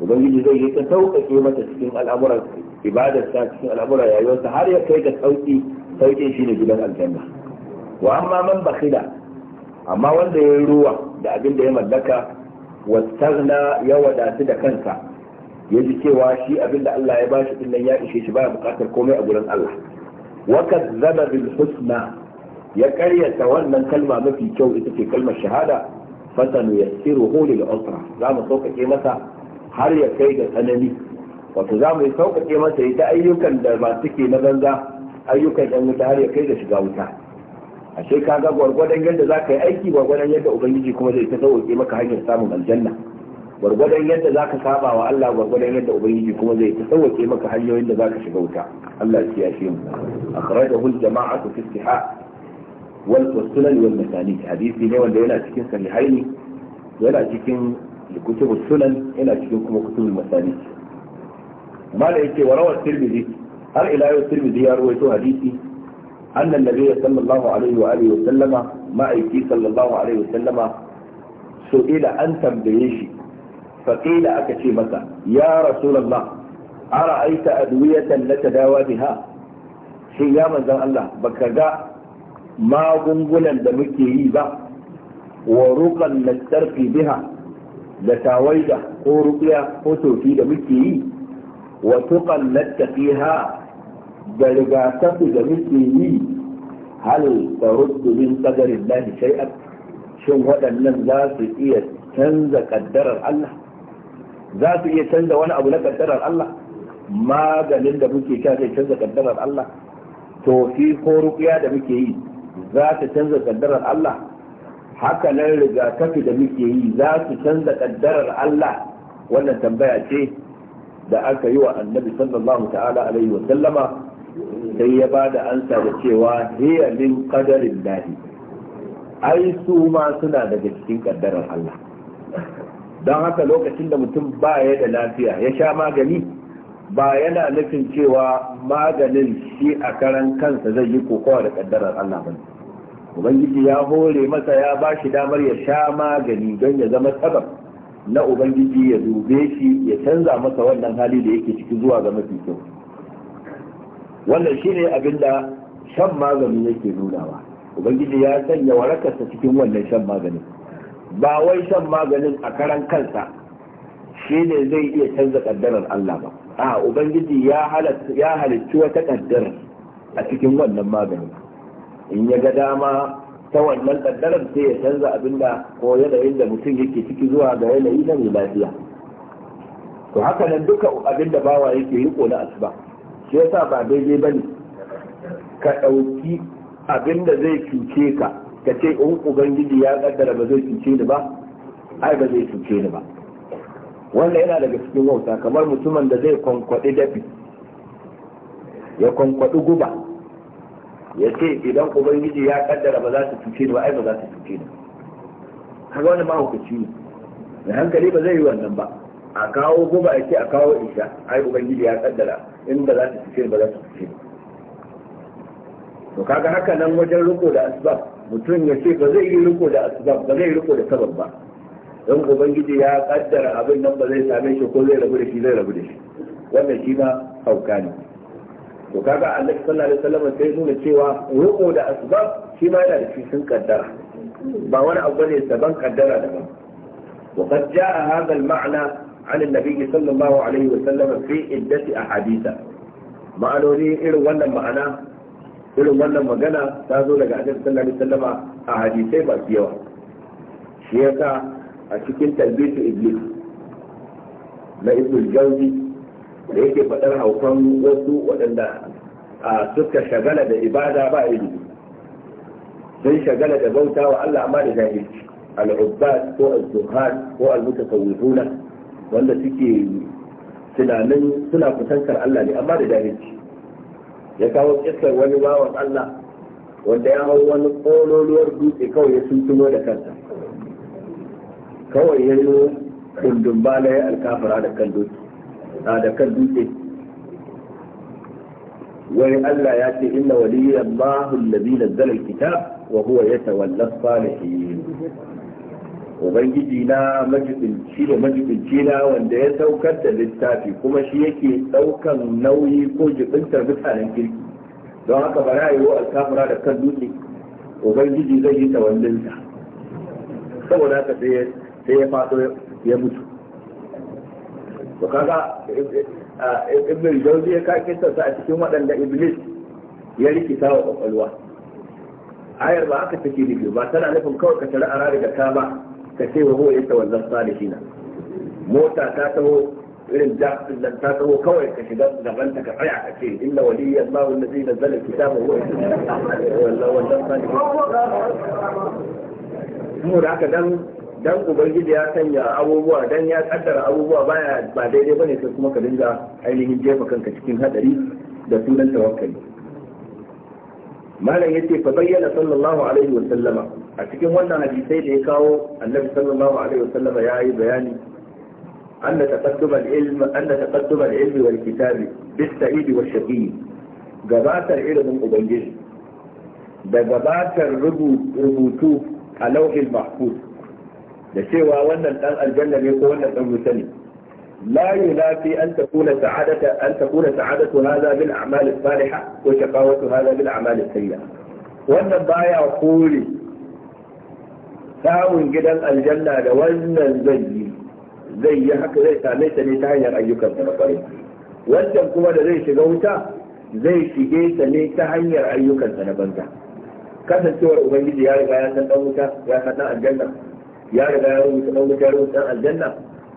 ubangiji zai yi ta sauƙaƙe masa cikin al'amuran ibadarsa cikin al'amuran rayuwarsa har ya kai ga sauki sauƙin shine gidan aljanna wa amma man bakhila amma wanda ya yi ruwa da abin da ya mallaka wastagna ya wadatu da kansa ya ji cewa shi abinda Allah ya bashi din nan ya ishe shi baya bukatar komai a gurin Allah wa kadzaba bil husna ya karyata wannan kalma mafi kyau ita ce kalmar shahada fasanu yassiruhu lil usra za mu sauƙaƙe masa har ya kai ga tsanani wato za mu yi sauƙaƙe masa ya ta ayyukan da ba suke na banza ayyukan ɗan wuta har ya kai ga shiga wuta ashe kaga gwargwadon yadda za ka yi aiki gwargwadon yadda ubangiji kuma zai ta sauƙaƙe maka hanyar samun aljanna gwargwadon yadda za ka saba wa Allah gwargwadon yadda ubangiji kuma zai sauwake maka hanyoyin da za ka shiga wuta Allah ya kiyashe mu akhrajahu hul jama'a su istihaq wal sunan wal masanid hadisi ne wanda yana cikin sahihaini yana cikin kutubus sunan yana cikin kuma kutubul masanid mala yake wa rawat tirmidhi har ila yau tirmidhi ya rawaito hadisi أن النبي صلى الله عليه وآله وسلم ما أيكي صلى الله عليه وسلم سئل أن تنبيه فقيل أكشي مسا يا رسول الله أرأيت أدوية نتداوى بها شي يا من الله بكذا ما قنقلا دمكي با ورقا نسترقي بها لتاويدة ko rukiya ko sofi da muke yi wa tuqallata fiha da rigakafi da muke yi hal taruddu min qadarin lahi shay'an waɗannan za su iya canza kaddarar Allah za su iya canza wani abu na kaddarar Allah maganin da muke sha zai canza kaddarar Allah to ko rukiya da muke yi za ta canza kaddarar Allah haka nan rigakafi da muke yi za su canza kaddarar Allah wannan tambaya ce da aka yi wa annabi sallallahu ta'ala alaihi wa sallama sai ya ba da ansa da cewa hiya min qadarin lahi ai su ma suna daga cikin kaddarar Allah don haka lokacin da mutum ba ya da lafiya ya sha magani ba yana nufin cewa maganin shi a karan kansa zai yi kokowa da kaddarar Allah ba ubangiji ya hore masa ya ba shi damar ya sha magani don ya zama sabab na ubangiji ya dube shi ya canza masa wannan hali da yake ciki zuwa ga mafi kyau wannan shi ne abin da shan magani yake nunawa ubangiji ya sanya warakarsa cikin wannan shan maganin ba wai shan maganin a karan kansa shi ne zai iya canza kaddarar Allah ba a ubangiji ya halittu wata kaddara a cikin wannan maganin in ya ga dama ta wannan kaddarar sai ya canza abinda ko yanayin da mutum yake ciki zuwa ga yanayi na mai lafiya to haka nan duka abinda bawa yake yi ko na asuba shi yasa ba daidai bane ka ɗauki abinda zai cuce ka ka ce in ubangiji ya kaddara ba zai cuce ni ba ai ba zai cuce ni ba wannan yana daga cikin wauta kamar mutumin da zai kwankwaɗi dafi ya kwankwaɗi guba ya ce idan ubangiji ya kaddara ba za su cuce ni ba ai ba za su cuce ni kaga wani mahaukaci ne Da hankali ba zai yi wannan ba a kawo guba ya ce a kawo isha ai ubangiji ya kaddara in ba za su cuce ni ba za su cuce ni to kaga haka nan wajen riko da asbab mutum ya ce ba zai yi riko da asbab ba zai yi riko da sabab ba don ubangiji ya kaddara abin nan ba zai same shi ko zai rabu da shi zai rabu da shi wannan shi ma hauka ne to kaga annabi sallallahu alaihi wasallam sai nuna cewa riko da asbab shi ma yana da cikin kaddara ba wani abu ne saban kaddara da ba وقد جاء هذا المعنى عن النبي صلى الله عليه وسلم في عدة أحاديث ma'anoni irin wannan ma'ana irin wannan magana ta zo daga annabi sallallahu sallama a hadisai masu yawa shi ya sa a cikin talbisu iblis na ibn jawzi da yake faɗar haukan wasu waɗanda a suka shagala da ibada ba ilimi sun shagala da bauta wa Allah amma da al al'ubbad ko al-zuhad ko al-mutasawwifuna wanda suke tunanin suna kusantar Allah ne amma da jahilci ya kawo kisar wani bawan Allah wanda ya hau wani kololuwar dutse kawai ya tuntuno da kansa kawai ya yi kundin bala ya alkafara da kan dutse da kan dutse wani Allah ya ce inna waliyyan mahu na zalar kitab wa huwa ke yi. ubangiji na majibinci da majibinci na wanda ya saukar da littafi kuma shi yake daukan nauyi ko jibintar mutanen kirki don haka ba na yiwu alkafura da kan dutse ubangiji zai yi tawallinsa saboda haka sai ya fado ya mutu to kaga ibn jauzi ya kake sa a cikin waɗanda iblis ya rikita wa kwakwalwa ayar ba aka take nufi ba tana nufin kawai ka tare a da ka ba ka ce wa ya tawallan salihin mota ta taho irin jaɗin dan ta taho kawai ka shiga gaban ta ka tsaya ka ce inna waliyya Allah alladhi nazzala kitaba wa wallan wallan salihin mu da haka dan dan ubangiji ya sanya abubuwa dan ya kaddara abubuwa baya ba daidai bane sai kuma ka dinga ainihin jefa kanka cikin hadari da sunan tawakkali malam yace fa bayyana sallallahu alaihi wa sallama a cikin wannan hadisai da ya kawo annabi sallallahu alaihi wasallam ya yi bayani أن تقدم العلم أن تقدم العلم والكتاب بالسعيد والشقي جبات العلم أبنجي da gabatar rubutu a lauhin mahfuz da cewa wannan dan aljanna ne ko wannan dan wuta ne la an takuna sa'adata an takuna sa'adatu hadha bil a'mal as-salihah wa shaqawatu hadha bil wannan baya kore samun gidan aljanna da wannan zai yi zai yi haka zai same ta ne ta hanyar ayyukan na kwarai wancan kuma da zai shiga wuta zai shige ta ne ta hanyar ayyukan na banza kasancewar ubangiji ya riga ya san dan wuta ya san dan aljanna ya riga ya rubuta dan wuta ya rubuta dan aljanna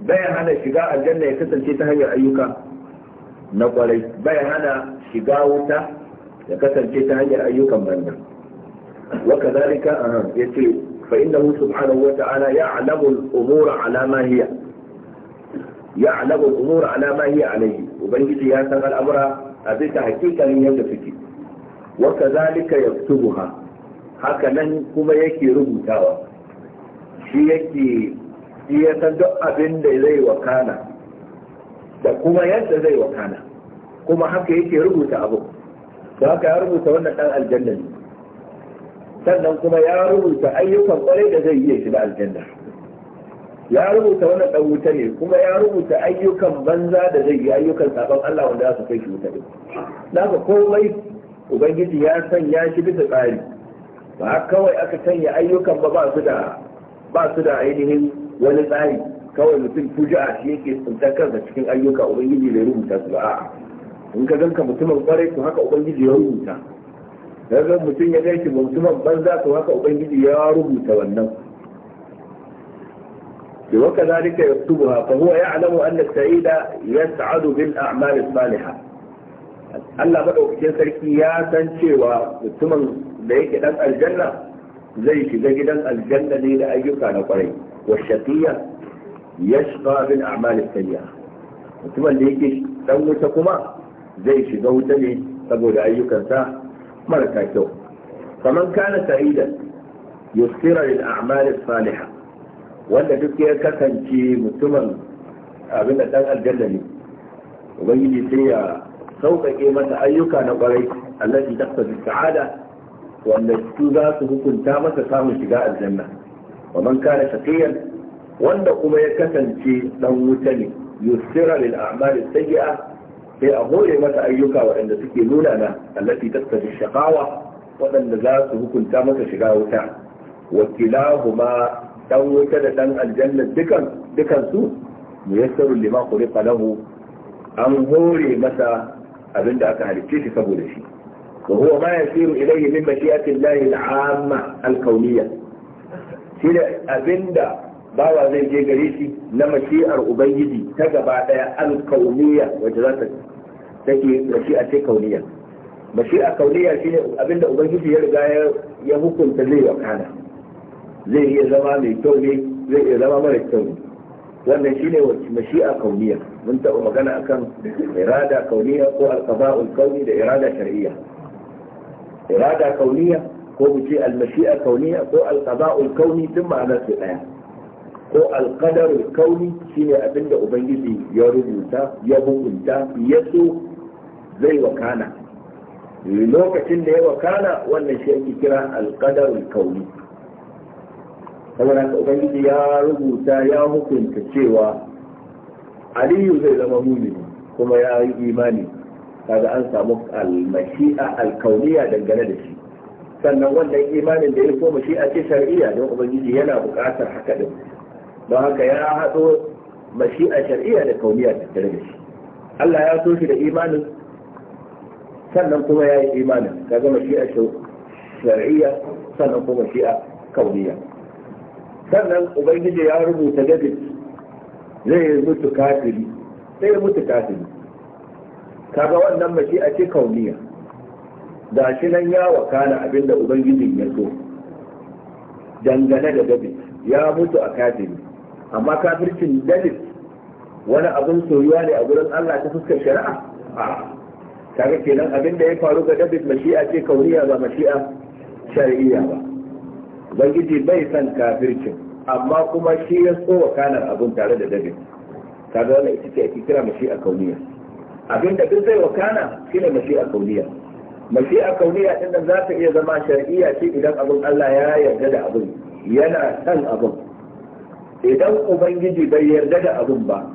bai hana shiga aljanna ya kasance ta hanyar ayyuka na kwarai bai hana shiga wuta ya kasance ta hanyar ayyukan banza wa kazalika ya ce فإنه سبحانه وتعالى يعلم الأمور على ما هي يعلم الأمور على ما هي عليه وبنجي يا سنة الأمر أبيت حقيقة من يدفك وكذلك يكتبها هكذا كما يكي ربطاوة shi yake shi ya san duk abin da zai wakana da kuma yadda zai wakana kuma haka yake rubuta abu da haka ya rubuta wannan dan aljanna ne sannan kuma ya rubuta ayyukan kwarai da zai iya shiga aljanna ya rubuta wani dan wuta ne kuma ya rubuta ayyukan banza da zai yi ayyukan sabon Allah wanda za su kai shi wuta ne ga komai ubangiji ya sanya shi bisa tsari ba kawai aka sanya ayyukan ba ba su da ainihin wani tsari kawai mutum fuja'a shi yake tsintar kansa cikin ayyuka ubangiji bai rubuta su ba a'a in ka ganka mutumin kwarai to haka ubangiji ya rubuta daga mutum ya gaishe ba ban za su haka ubangiji ya rubuta wannan bi waka zalika yaktubuha fa huwa ya'lamu anna as-sa'ida yas'adu bil a'mal as-salihah Allah madaukakin sarki ya san cewa mutumin da yake dan aljanna zai shiga gidan aljanna ne da ayyuka na kwarai wa shaqiya yashqa bil a'mal as-sayyi'ah mutumin da yake dan wuta kuma zai shiga wuta ne saboda ayyukansa marasa kyau kaman kana sa'ida yusira lil a'mal salihah wanda duk ya kasance mutumin abin da ɗan aljanna ne ubangiji sai ya sauƙaƙe masa ayyuka na ƙwarai allati taqtadi sa'ada wanda su za su hukunta masa samun shiga aljanna wa man kana shaqiyan wanda kuma ya kasance dan wuta ne yusira lil a'mal sayyi'a sai a hore masa ayyuka waɗanda suke nuna na allafi tattar shakawa waɗanda za su hukunta masa shiga wuta wakila ma ɗan wuta da ɗan aljanna dukan su mu yassaru falahu an hore masa abin da aka halicce shi saboda shi ga huwa ma ya siru ilayhi min mashiyatin lahi al'amma alkauniya shi da abin da bawa zai je gare shi na mashi'ar ubangiji ta gaba daya alkauniya wacce za ta take mashi'a ce kauniya mashi'a kauniya shine abinda ubangiji ya riga ya hukunta zai wakana zai iya zama mai kyau ne zai iya zama mara kyau ne wannan shine mashi'a kauniya mun taɓa magana akan irada kauniya ko alqada'ul kauni da irada shar'iyya irada kauniya ko mu ce almashi'a kauniya ko alqada'ul kauni duk ma'ana su daya ko alqadarul kauni shine abinda ubangiji ya rubuta ya hukunta ya so zai wakana lokacin da ya wakana wannan shi ake kira alƙadarul kauni saboda ka ubangiji ya rubuta ya hukunta cewa aliyu zai zama mumini kuma ya yi imani kaga an samu almashi'a alkauniya dangane da shi sannan wannan imanin da ya ko mashi'a ce shari'a don ubangiji yana buƙatar haka din don haka ya haɗo mashi'a shari'a da kauniya tattare da shi Allah ya so shi da imanin sannan kuma ya yi imanin ka shi a shari'a sannan kuma shi a kauniya sannan ubangiji ya rubuta david zai yi mutu kafiri sai ya mutu kafiri kaga wannan mashi a ce kauniya ga shi nan ya wakana abinda ubangijin ya so dangane da david ya mutu a kafiri amma kafircin david wani abin soyuwa ne a gurin allah ta fuskar shari'a kaga kenan abin da ya faru ga David mashi'a ce kauniya ba mashi'a shari'iyya ba ubangiji bai san kafircin amma kuma shi ya so wa kanar abun tare da David kaga wannan ita ce ake kira mashi'a kauniya abin da duk zai wakana shine mashi'a kauniya mashi'a kauniya din nan za ta iya zama shari'iyya ce idan abun Allah ya yarda da abun yana san abun idan ubangiji bai yarda da abun ba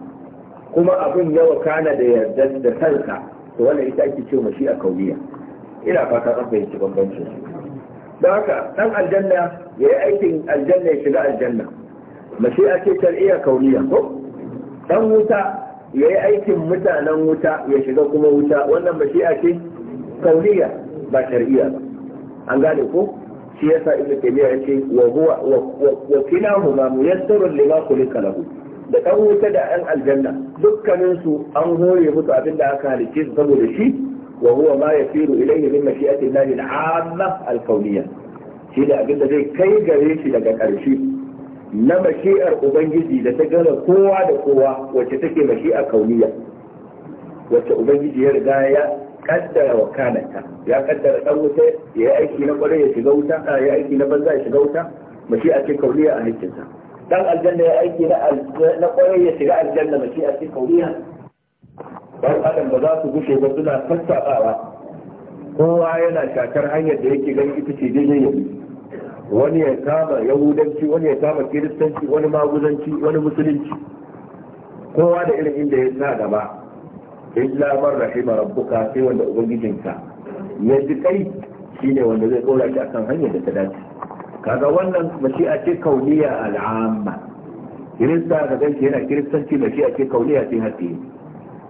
kuma abun ya wakana da yarda da kansa to wannan ita ake cewa shi a kauniya ina fata an fahimci bambancin su don haka dan aljanna ya yi aikin aljanna ya shiga aljanna a ce iya kauniya ko dan wuta ya yi aikin mutanen wuta ya shiga kuma wuta wannan a ce kauniya ba shar'iyya ba an gane ko shi yasa ibnu taymiya ce wa huwa wa ma muyassarun lima khuliqa lahu da ɗan wuta da ɗan aljanna dukkaninsu an hore musu abin da aka halicce su saboda shi wa huwa ma yasiru ilayhi min mashi'ati llahi al-'amma al-kawniyya shi da abin da zai kai gare shi daga ƙarshe na mashi'ar ubangiji da ta gana kowa da kowa wacce take mashi'ar kauniya wacce ubangiji ya riga ya kaddara wakalanta ya kaddara dan wuta ya yi aiki na kwarai ya shiga wuta ya aiki na banza ya shiga wuta mashi'a ce kauniya a hakkinsa dan aljanna ya aiki na na kwarai ya shiga aljanna mace a cikin kauriya dan adam ba za su gushe ba suna sassaɓawa kowa yana shakar hanyar da yake gani ita ce daidai ya wani ya kama yahudanci wani ya kama kiristanci wani maguzanci wani musulunci kowa da irin inda ya sa gaba illa man rahima rabbuka sai wanda ubangijinka ya ji kai shine wanda zai dora shi akan hanyar da ta dace kaga wannan mashi'a ce kauniya al'amma kirista ka ganci yana kiristanci mashi'a ce kauniya ce haƙƙi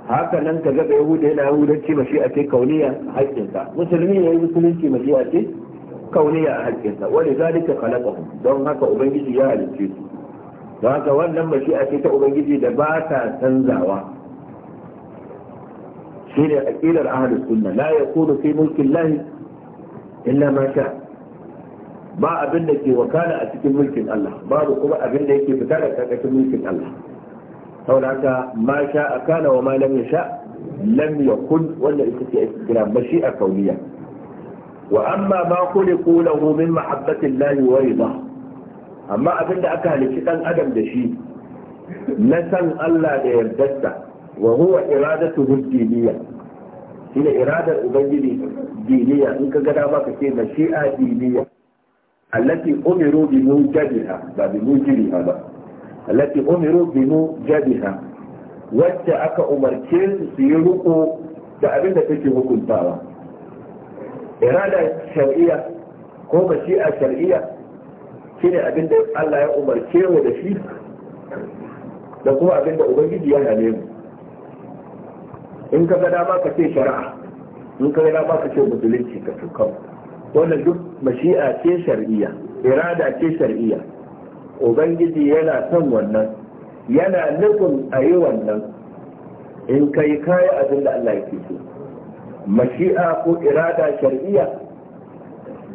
haka nan ka ga yahuda yana yahudanci mashi'a ce kauniya haƙƙinsa musulmi yayi musulunci mashi'a ce kauniya a haƙƙinsa wani zalika khalaqahum don haka ubangiji ya halicce su don haka wannan mashi'a ce ta ubangiji da ba ta canzawa shine aqidar ahlus sunna la yakunu fi mulki llahi illa ma sha'a ba abin da ke wakala a cikin mulkin Allah babu kuma abin da yake fita da karkashin mulkin Allah saboda haka ma sha a kana wa ma lam yasha lam yakun wanda ita ce ake kira mashi'a kauniya wa amma ma khuliqu lahu min mahabbati Allah wa ridha amma abin da aka halici dan adam da shi na san Allah da yardarsa wa huwa iradatu diniyya shine iradar ubangiji diniya in ka ga da ka ce mashi'a diniya allati umiru bi mujabiha ba bi mujriha ba allati umiru bi mujabiha wacce aka umarce su yi ruku da abin da take hukuntawa irada shar'iyya ko mashi'a shar'iyya shine abin Allah ya umarce mu da da kuma abin da ubangiji ya hane mu in ka ga dama ka shari'a in ka ka duk mashi'a ce shar'iyya irada ce shar'iyya ubangiji yana son wannan yana nufin a yi wannan in kai kayi abin da Allah yake so mashi'a ko irada shar'iyya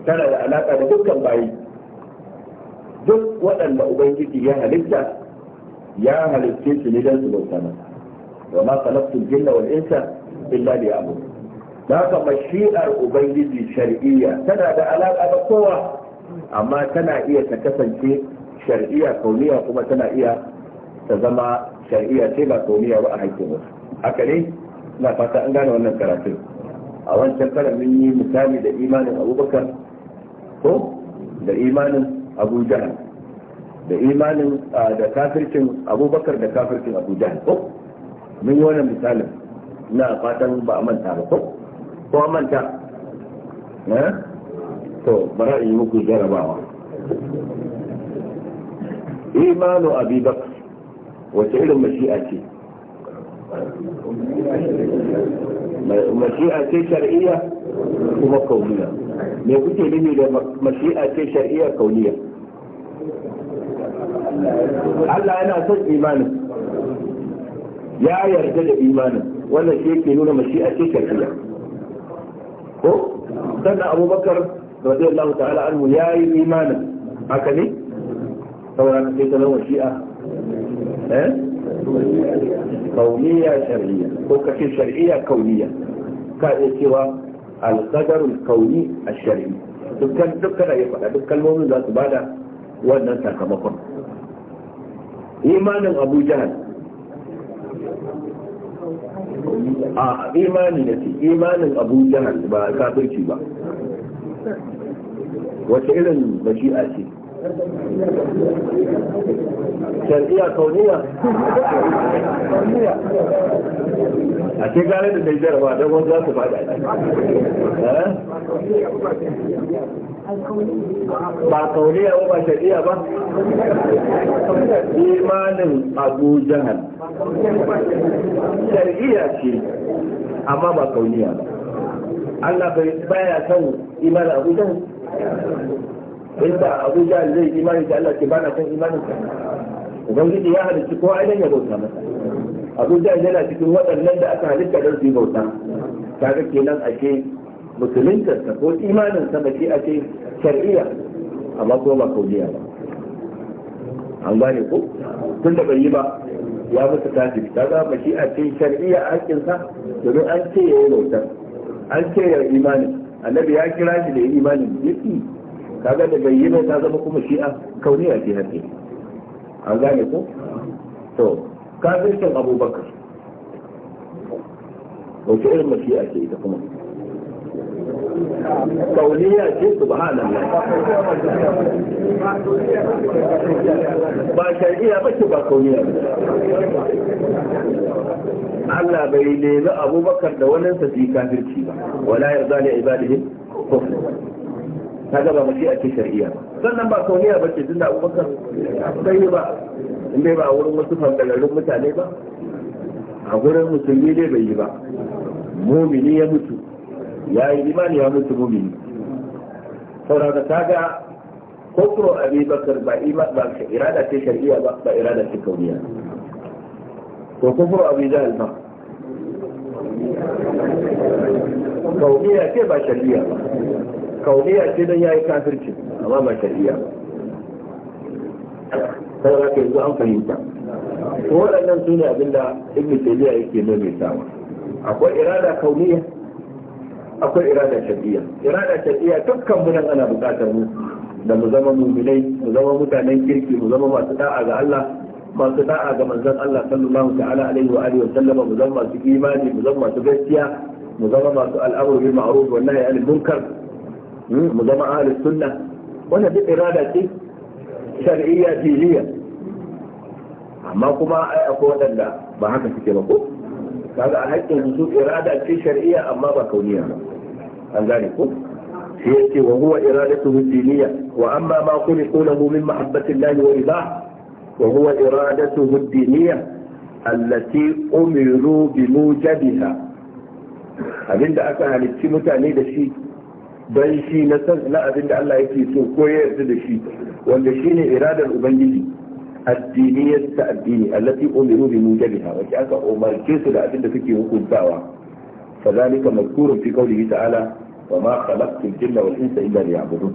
tana da alaƙa da dukkan bayi duk waɗanda ubangiji ya halitta ya halitte su ne don su bauta masa wa ma khalaqtul jinna wal insa illa liya'budun da haka mashi'ar ubangiji shar'iyya tana da alaƙa da kowa amma tana iya ta kasance shar'iyya kauniya kuma tana iya ta zama shar'iyya ce ba kauniya ba a haƙƙin wasu haka ne na fata an gane wannan karatun a wancan karan mun yi misali da imanin abubakar ko da imanin abu jahal da imanin da kafircin abubakar da kafircin abu jahal ko mun yi wannan misalin na fatan ba a manta ba ko ko manta eh to bara yi muku jarabawa imanu abi bakr wace irin mashi'a ce mashi'a ce shar'iyya kuma kauniya me kuke nufi da mashi'a ce shar'iyya kauniya Allah yana son imanin ya yarda da imanin wannan shi yake nuna mashi'a ce shar'iyya ko sannan abubakar radiyallahu ta'ala anhu ya yi imanin haka ne saboda ka ta zama shi'a eh kauniya shar'iyya ko kace shar'iyya kauniya ka iya cewa al-qadar al-kauni ash-shar'i dukkan dukkan ya faɗa duk kalmomin za su bada wannan sakamakon imanin abu jahal a imani da ce imanin abu jahal ba kafirci ba wace irin a ce shari'a kauniya a ce gane da dai jarabawa don wanda za su faɗa eh? ba kauliya ba shari'a ba imanin abu jahal shari'a ce amma ba kauliya ba Allah bai baya son imanin abu jahal inda abu jahal zai imani da Allah ke bana son imanin sa ubangiji ya halitta ko ainihin ya bauta masa abu jahal yana cikin waɗannan da aka halitta don su yi bauta kaga kenan ake musuluntarsa ko imaninsa ba shi a ce shar'iyya amma ko ba kauliya ba an gane ko tun da bai yi ba ya mutu tafi ta za ba shi a ce shar'iyya haƙƙinsa domin an ce ya yi bautar an ce ya imanin annabi ya kira shi da ya yi imanin yaki kaga da bai yi ba ta zama kuma shi shi'a kauniya ce haƙƙi an gane ko to kafircin abubakar Ba wace irin mashi'a ce ita kuma kauliya ce subhanallah ba shari'a ba ce ba kauliya Allah bai nemi abubakar da wannan sa su yi kafirci ba wala yarda li ibadihi kufr kaga ba mace ake shari'a ba sannan ba kauniya ba ce tunda abubakar bai yi ba in bai ba a wurin wasu fangalarrun mutane ba a gurin musulmi ne bai yi ba mumini ya mutu ya yi imani ya mutu mumini saboda ta ga kofuro abi bakar ba irada ce shari'a ba ba irada ce kauniya to kofuro abi jahal ma kauniya ce ba shari'a ba kauniya ce don ya yi kafirci amma ba shari'a ba saboda ka yanzu an fahimta waɗannan su ne abinda ibn taymiya yake sama. akwai irada kauniya akwai irada shari'a irada shari'a dukkan mu ana buƙatar mu da mu zama mu'minai mu zama mutanen kirki mu zama masu da'a ga Allah masu da'a ga manzon Allah sallallahu ta'ala alaihi wa alihi wa sallama mu zama masu imani mu zama masu gaskiya mu zama masu al'amuru bil ma'ruf wa nahyi anil munkar hmm, mu zama ahli sunna wannan duk irada ce shar'iyya diniya amma kuma ai akwai wadanda ba haka suke ba ko kaga a haƙƙin wuzu irada ce shar'iyya amma ba kauniya ba an gane ko sai yace wa huwa iradatu diniyya wa amma ma khuliqu lahu min mahabbati llahi wa ridah wa huwa iradatu diniyya allati umiru bi mujabiha abinda aka halicci mutane da shi dan shi na san na abinda Allah yake so ko ya yarda da shi wanda shine iradar ubangiji addiniyar ta addini allati umiru bi mujabiha wacce aka umarce su da abin da suke hukuntawa fadhalika mazkurun fi qawlihi ta'ala wa ma khalaqtul jinna wal insa illa liya'budun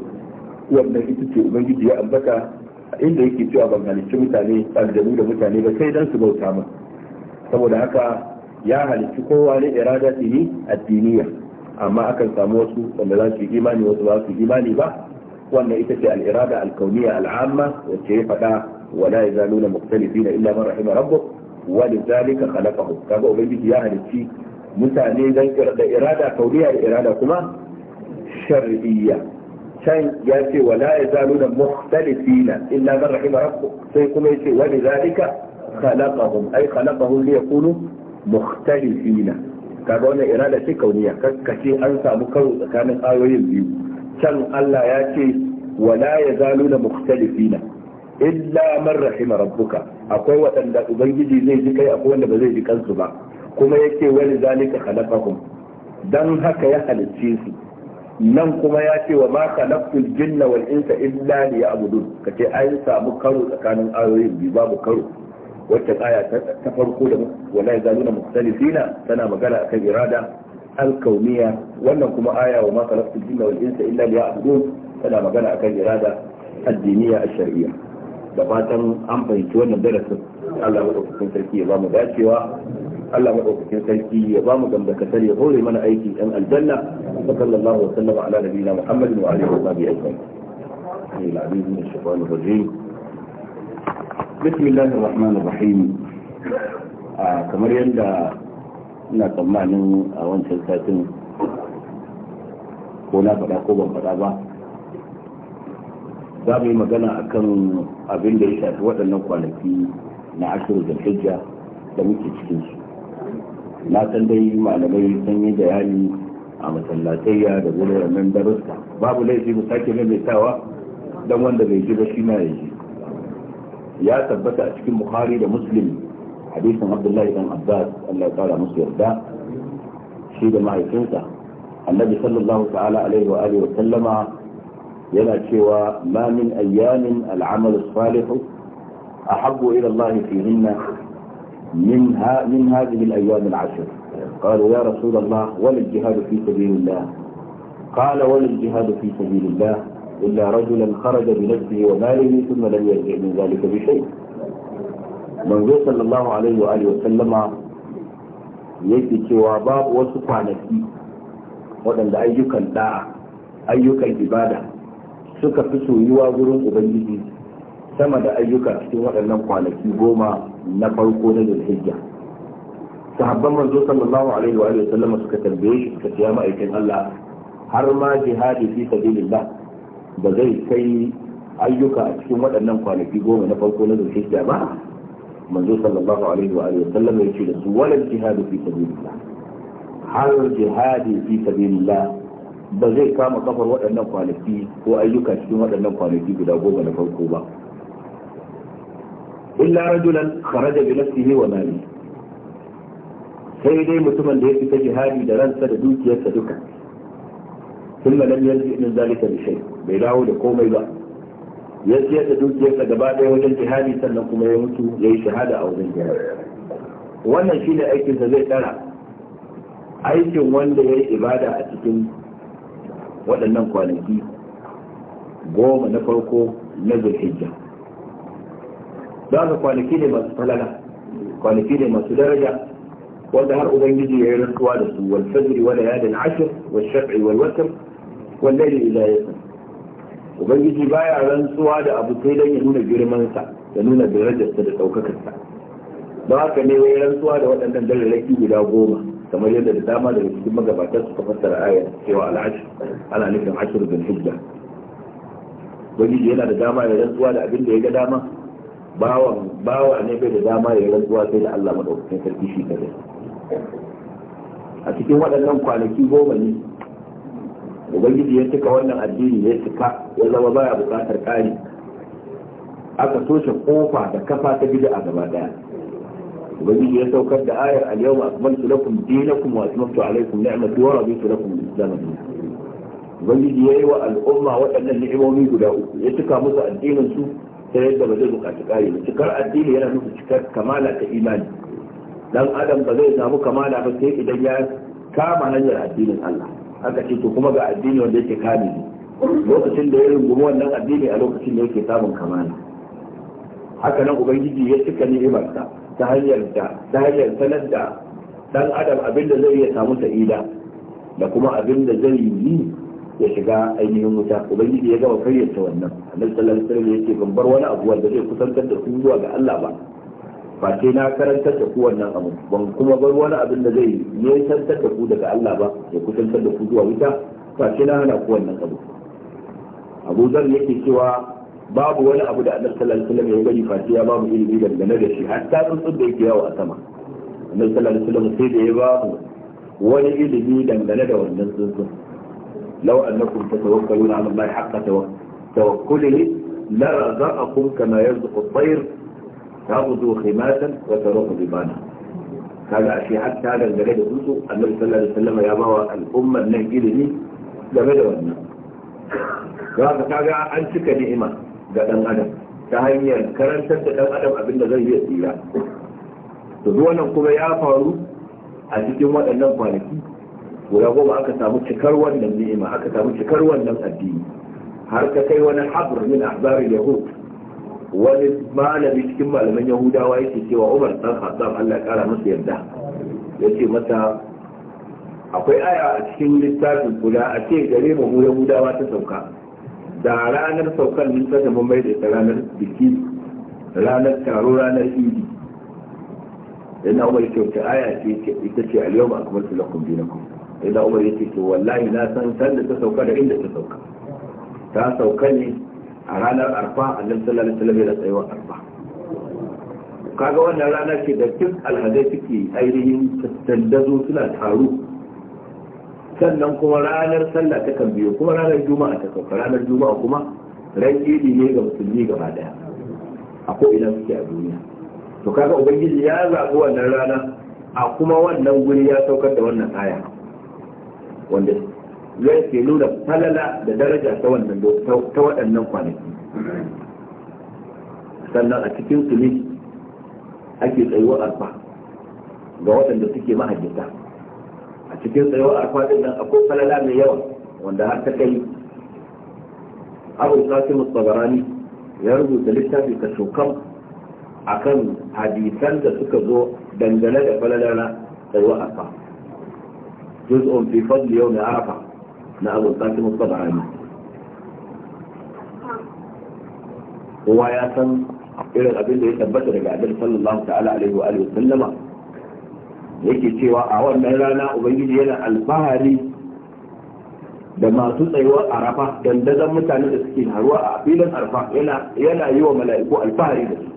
wannan ita ce ubangiji ya ambata inda yake cewa ban halicci mutane aljanu da mutane ba sai dan su bauta min saboda haka ya halicci kowa ne irada tini addiniya amma akan samu wasu wanda za su imani wasu ba su imani ba wannan ita ce al'irada alkauniya al'amma wacce ya faɗa ولا يزالون مختلفين إلا من رحم ربك ولذلك خلقهم كما أبيك يا أهل الشيء mutane don irada kauniya da irada kuma shar'iyya can ya ce wala ya zalu da mukhtalifina illa man rahima rabbu sai kuma ya ce wani zalika khalaqahum ay khalaqahum li yakunu mukhtalifina kaga wannan irada ce kauniya kaskace an samu karo tsakanin ayoyin biyu can Allah ya ce da mukhtalifina illa man rahima rabbuka akwai waɗanda ubangiji zai ji kai akwai wanda ba zai ji kansu ba kuma yake wani zalika khalaqakum dan haka ya halicce su nan kuma ya ce wa ma khalaqtul jinna wal insa illa liya'budun kace an samu karo tsakanin ayoyin bi babu karo wacce aya ta farko da wallahi zaluna mukhtalifina tana magana akan irada alkauniya wannan kuma aya wa ma khalaqtul jinna wal insa illa liya'budun tana magana akan irada addiniya ash da fatan an fahimci wannan darasin Allah madaukakin sarki ya ba mu dacewa Allah madaukakin sarki ya ba mu gamdakatar ya hore mana aiki dan aljanna sallallahu alaihi wa sallam ala nabiyina Muhammadin wa alihi wa sahbihi ajma'in العزيز من الشيطان الرجيم بسم الله الرحمن الرحيم kamar yadda ina tsammanin a wancan satin ko na faɗa ko ban faɗa ba za mu yi magana kan abin da ya shafi waɗannan kwanaki na ashirin da hijja da muke cikin su na san dai malamai sun yi bayani a masallatayya da wuraren darussa babu laifi mu sake maimaitawa dan wanda bai ji ba shi ma ya ya tabbata a cikin bukhari da muslim hadisin abdullahi dan abbas allah ya kara musu yarda shi da mahaifinsa annabi sallallahu ta'ala alaihi wa alihi wa sallama yana cewa ma min ayyamin al'amal salih ahabbu ila Allah fihinna min ha min hadhihi al-ayyam al-ashr قالوا يا رسول الله ولا الجهاد في سبيل الله قال ولا illa rajulan kharaja bi nafsihi wa malihi thumma lam yarji' min يرجع bi shay' بشيء sallallahu alayhi wa alihi wa sallama yake cewa babu wasu kwanaki waɗanda ayyukan da ayyukan ibada suka fi soyuwa gurin ubangiji sama da ayyuka cikin waɗannan kwanaki goma na farko na zulhijja sahabban manzo sallallahu alaihi wa alihi sallama suka tambaye shi suka ce ma'aikin Allah har ma jihadi fi sabilillah ba zai kai ayyuka a cikin waɗannan kwanaki goma na farko na zulhijja ba manzo sallallahu alaihi wa alihi sallama ya ce da su wala jihadu fi sabilillah har jihadi fi sabilillah ba zai kama kafar waɗannan kwanaki ko ayyuka cikin waɗannan kwanaki guda goma na farko ba illa rajulan kharaja bi nafsihi wa mali sai dai mutumin da ya fita jihadi da ransa da dukiyarsa duka sun ma lam yanzu min zalika bi shay bai dawo da komai ba ya siyar da dukiyarsa gaba ɗaya wajen jihadi sannan kuma ya mutu ya yi shahada a wajen jihadi wannan shine aikinsa zai tsara aikin wanda ya yi ibada a cikin waɗannan kwanaki goma na farko na zulhijja za kwanaki ne masu falala kwanaki ne masu daraja wanda har ubangiji ya yi rantsuwa da su wal fajri wal yadin ashr wal shaf'i wal watr wal layli ila yasr ubangiji baya rantsuwa da abu sai dan ya nuna girman sa da nuna darajarsa da daukakar sa ba haka ne wai rantsuwa da waɗannan dalalaki guda goma kamar yadda da dama daga cikin magabata suka fassara ayar cewa al'ashr ana nufin ashr bin hijja ubangiji yana da dama ya rantsuwa da abin da ya ga dama bawan bawa ne bai da dama ya rantsuwa sai da Allah madaukakin sarki shi kadai a cikin waɗannan kwanaki goma ne ubangiji ya cika wannan addini ya cika ya zama baya buƙatar ƙari aka toshe kofa da kafa ta bid'a gaba daya ubangiji ya saukar da ayar al-yawma akmaltu lakum dinakum wa atmamtu alaykum ni'mati wa raditu lakum al-islam ubangiji yayi wa al'umma waɗannan ni'imomi guda uku ya cika musu addinin su ta yadda ba zai buƙaci kare ba cikar addini yana nufin cikar kamala ta imani dan adam ba zai samu kamala ba sai idan ya kama hanyar addinin Allah haka ce to kuma ga addini wanda yake kamili lokacin da ya rungumi wannan addini a lokacin da yake samun kamala haka nan ubangiji ya cika ni'imarsa ta hanyar da ta hanyar sanar da dan adam abin da zai iya samu sa'ida da kuma abin da zai yi ya shiga ainihin wuta ubangiji ya gama karyata wannan annabi sallallahu alaihi wasallam yake ban bar wani abu wanda zai kusantar da ku zuwa ga Allah ba ba sai na karantar da ku wannan abu ban kuma bar wani abin da zai nesantar da ku daga Allah ba ya kusantar da ku zuwa wuta ba sai na hana ku wannan abu Abu Zar yake cewa babu wani abu da annabi sallallahu alaihi wasallam ya bari fatiya babu ilimi dangane da shi hatta tsuntsun da yake yawo a sama annabi sallallahu alaihi wasallam sai da ya babu wani ilimi dangane da wannan tsuntsun law annakum tatawakkaluna ala allahi haqqa tawakkulihi la razaqakum kama yarzuqu at-tayr taghdu khimatan wa taruhu dibana kaga ashe hatta dangane da tsuntsu annabi sallallahu alaihi wasallam ya bawa al'ummar nan ilimi game da wannan za ka kaga an cika ni'ima ga dan adam ta hanyar karantar da dan adam abin da zai iya tsira to wannan kuma ya faru a cikin waɗannan kwanaki guda goma aka samu cikar wannan ni'ima aka samu cikar wannan addini har ka kai wani habr min ahbarin yahud wani malami cikin malaman yahudawa yake cewa umar dan khattab Allah ya kara masa yarda yace mata akwai aya a cikin littafin kula a ce gare mu yahudawa ta sauka da ranar saukar mun kasa mun mai da ranar biki ranar taro ranar idi ina umar yake ta aya ce ita ce al-yawma su lakum dinakum ina umar yake to wallahi na san san da ta sauka da inda ta sauka ta sauka ne a ranar arfa annabi sallallahu alaihi wasallam ya tsayawa arfa kaga wannan rana ce da duk alhadai suke ainihin tandazo suna taro sannan kuma ranar sallah ta kan biyo kuma ranar juma'a ta kan ranar juma'a kuma ran idi ne ga musulmi gaba daya a ko ina suke a duniya to kaga ubangiji ya zaɓi wannan rana a kuma wannan guri ya saukar da wannan aya wanda zai ke nuna falala da daraja ta wannan ta waɗannan kwanaki sannan a cikin su ne ake tsayuwar alfa ga waɗanda suke mahajjata a cikin tsayuwar arfa din nan akwai falala mai yawa wanda har ta kai abu qasim tsabarani ya rubuta littafi ka shokan akan hadisan da suka zo dangane da falala tsayuwar arfa on fi fadli yawm arfa na abu qasim tsabarani kowa ya san irin abin da ya tabbata daga annabi sallallahu ta'ala alaihi wa alihi wa sallama yake cewa a wannan rana ubangiji yana alfahari da masu tsayuwar arafa dandazon mutane da suke haruwa a filin arafa yana yi wa mala'iku alfahari da su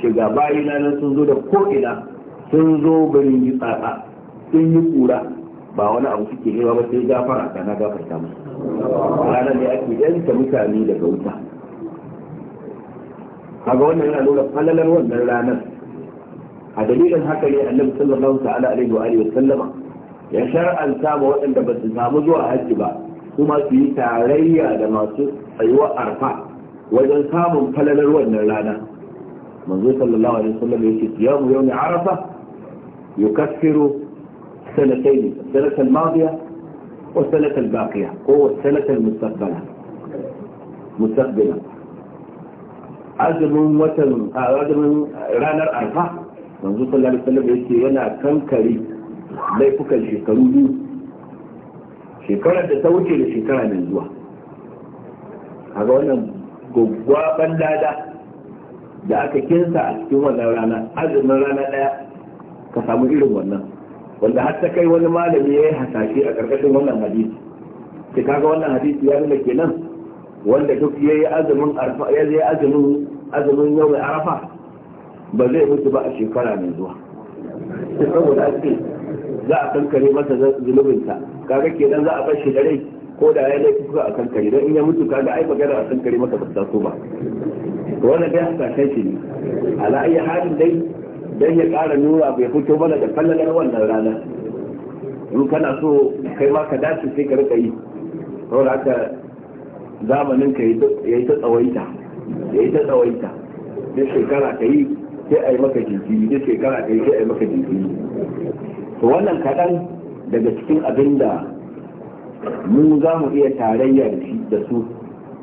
shiga bayina nan sun zo da ko'ina sun zo garin yi tsatsa sun yi kura ba wani abu suke nema ba sai gafara ta na gafarta musu ranar ya ake yanta mutane daga wuta ga wannan yana nuna falalar wannan ranar a dalilin haka ne annabi sallallahu ta'ala alaihi wa alihi sallama ya shar'anta ma waɗanda ba su samu zuwa hajji ba kuma su yi tarayya da masu tsayuwa arfa wajen samun falalar wannan rana manzo sallallahu alaihi wasallam yake siyamu yawmi arafa yukaffiru sanatayn sanata al-madiya wa sanata al-baqiya ko sanata al-mustaqbala mustaqbala azumin watan azumin ranar arfa Yanzu sallallahu alaihi wasallam yake yana kankare laifukan shekaru biyu shekarar da ta wuce da shekara mai zuwa kaga wannan gwaggwaban lada da aka kinsa a cikin wannan rana azumin rana daya ka samu irin wannan wanda har ta kai wani malami ya yi hasashe a ƙarƙashin wannan hadisi ke kaga wannan hadisi ya nuna kenan wanda duk ya yi azumin ya yi azumin azumin yau mai arafa ba zai mutu ba a shekara mai zuwa saboda ake za a kankare masa zunubinsa kaga kenan za a bar shi da rai ko da ya laifi kuka a kankare don in ya mutu kaga ai magana a kankare masa ba ta so ba wannan dai haka kai shi ne ala ayi halin dai dan ya ƙara nura bai fito mana da fallalar wannan rana. in kana so kai ma ka dace sai ka rika yi saboda haka zamanin ka yayi ta tsawaita yayi ta tsawaita da shekara ka yi sai a yi maka jinkiri duk shekara ɗaya sai a yi maka jinkiri to wannan kaɗan daga cikin abin da mu za mu iya tarayya da su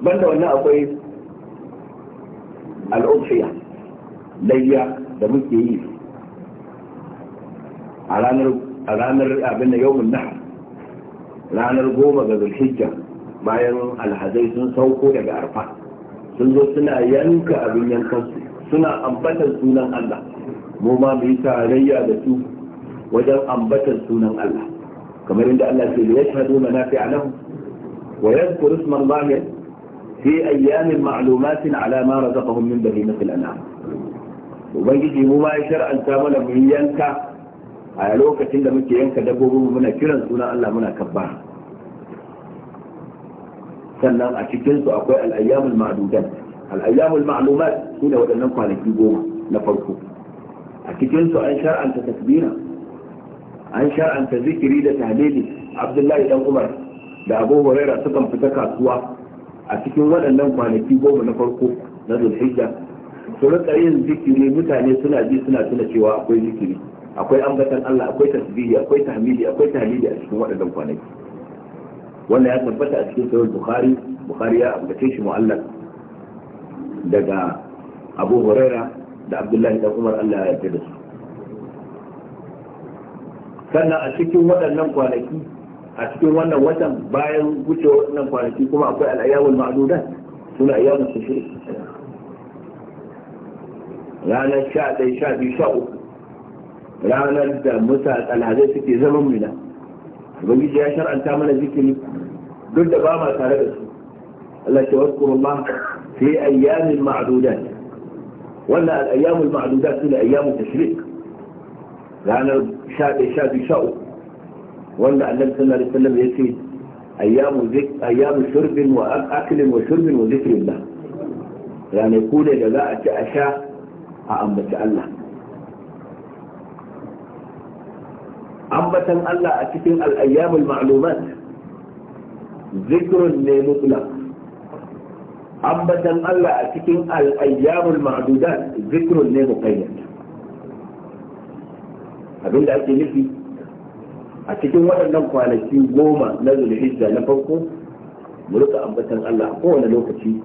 banda wannan akwai al'ubshiya layya da muke yi a ranar abin da yawon ranar goma ga zulhijja bayan alhazai sun sauko daga arfa sun zo suna yanka abin yankansu suna ambatan sunan Allah mu ma mu yi tarayya da su wajen ambatan sunan Allah kamar inda Allah ce ya shahadu manafi'a lahu wa yadhkuru isma Allah fi ayyamin ma'lumatin ala ma razaqahum min bahimatil an'am ubangiji mu ma ya shar'anta mana mu yanka a lokacin da muke yanka dabbobin muna kiran sunan Allah muna kabba sannan a cikin su akwai al-ayyamul ma'dudat al'ayyamul ma'lumat su da waɗannan kwanaki goma na farko a cikinsu an shar'anta tasbira an shar'anta zikiri da tahlili abdullahi dan umar da abu huraira sukan fita kasuwa a cikin waɗannan kwanaki goma na farko na zulhijja su yin zikiri mutane suna ji suna tuna cewa akwai zikiri akwai ambatan Allah akwai tasbihi akwai tahmidi akwai a cikin waɗannan kwanaki wannan ya tabbata a cikin sahih bukhari bukhari ya ambace shi mu'allaf daga abu huraira da abdullahi dan umar allah ya yarda da su sannan a cikin waɗannan kwanaki a cikin wannan watan bayan wuce waɗannan kwanaki kuma akwai al'ayyawar ma'adudan suna ayyawul shirin ranar sha ɗaya sha biyu sha uku ranar da musa alhazai suke zaman mina ubangiji ya shar'anta mana zikiri duk da ba ma tare da su Allah ce wasu kuma في أيام معدودات ولا الأيام المعدودات هي أيام التشريق لأن شاد شاب شاء ولا النبي صلى الله عليه وسلم يسيد أيام, ذك... أيام شرب وأكل وشرب وذكر الله يعني يقول إذا لا أشاء أأمت الله أمتا الله أتكين الأيام المعلومات ذكر لمطلق ambatan Allah a cikin al'ayyamul ma'adudan, zikrun ne muqayyad abinda ake nufi a cikin waɗannan kwanaki goma na zulhijja na farko mu rika ambatan Allah a kowane lokaci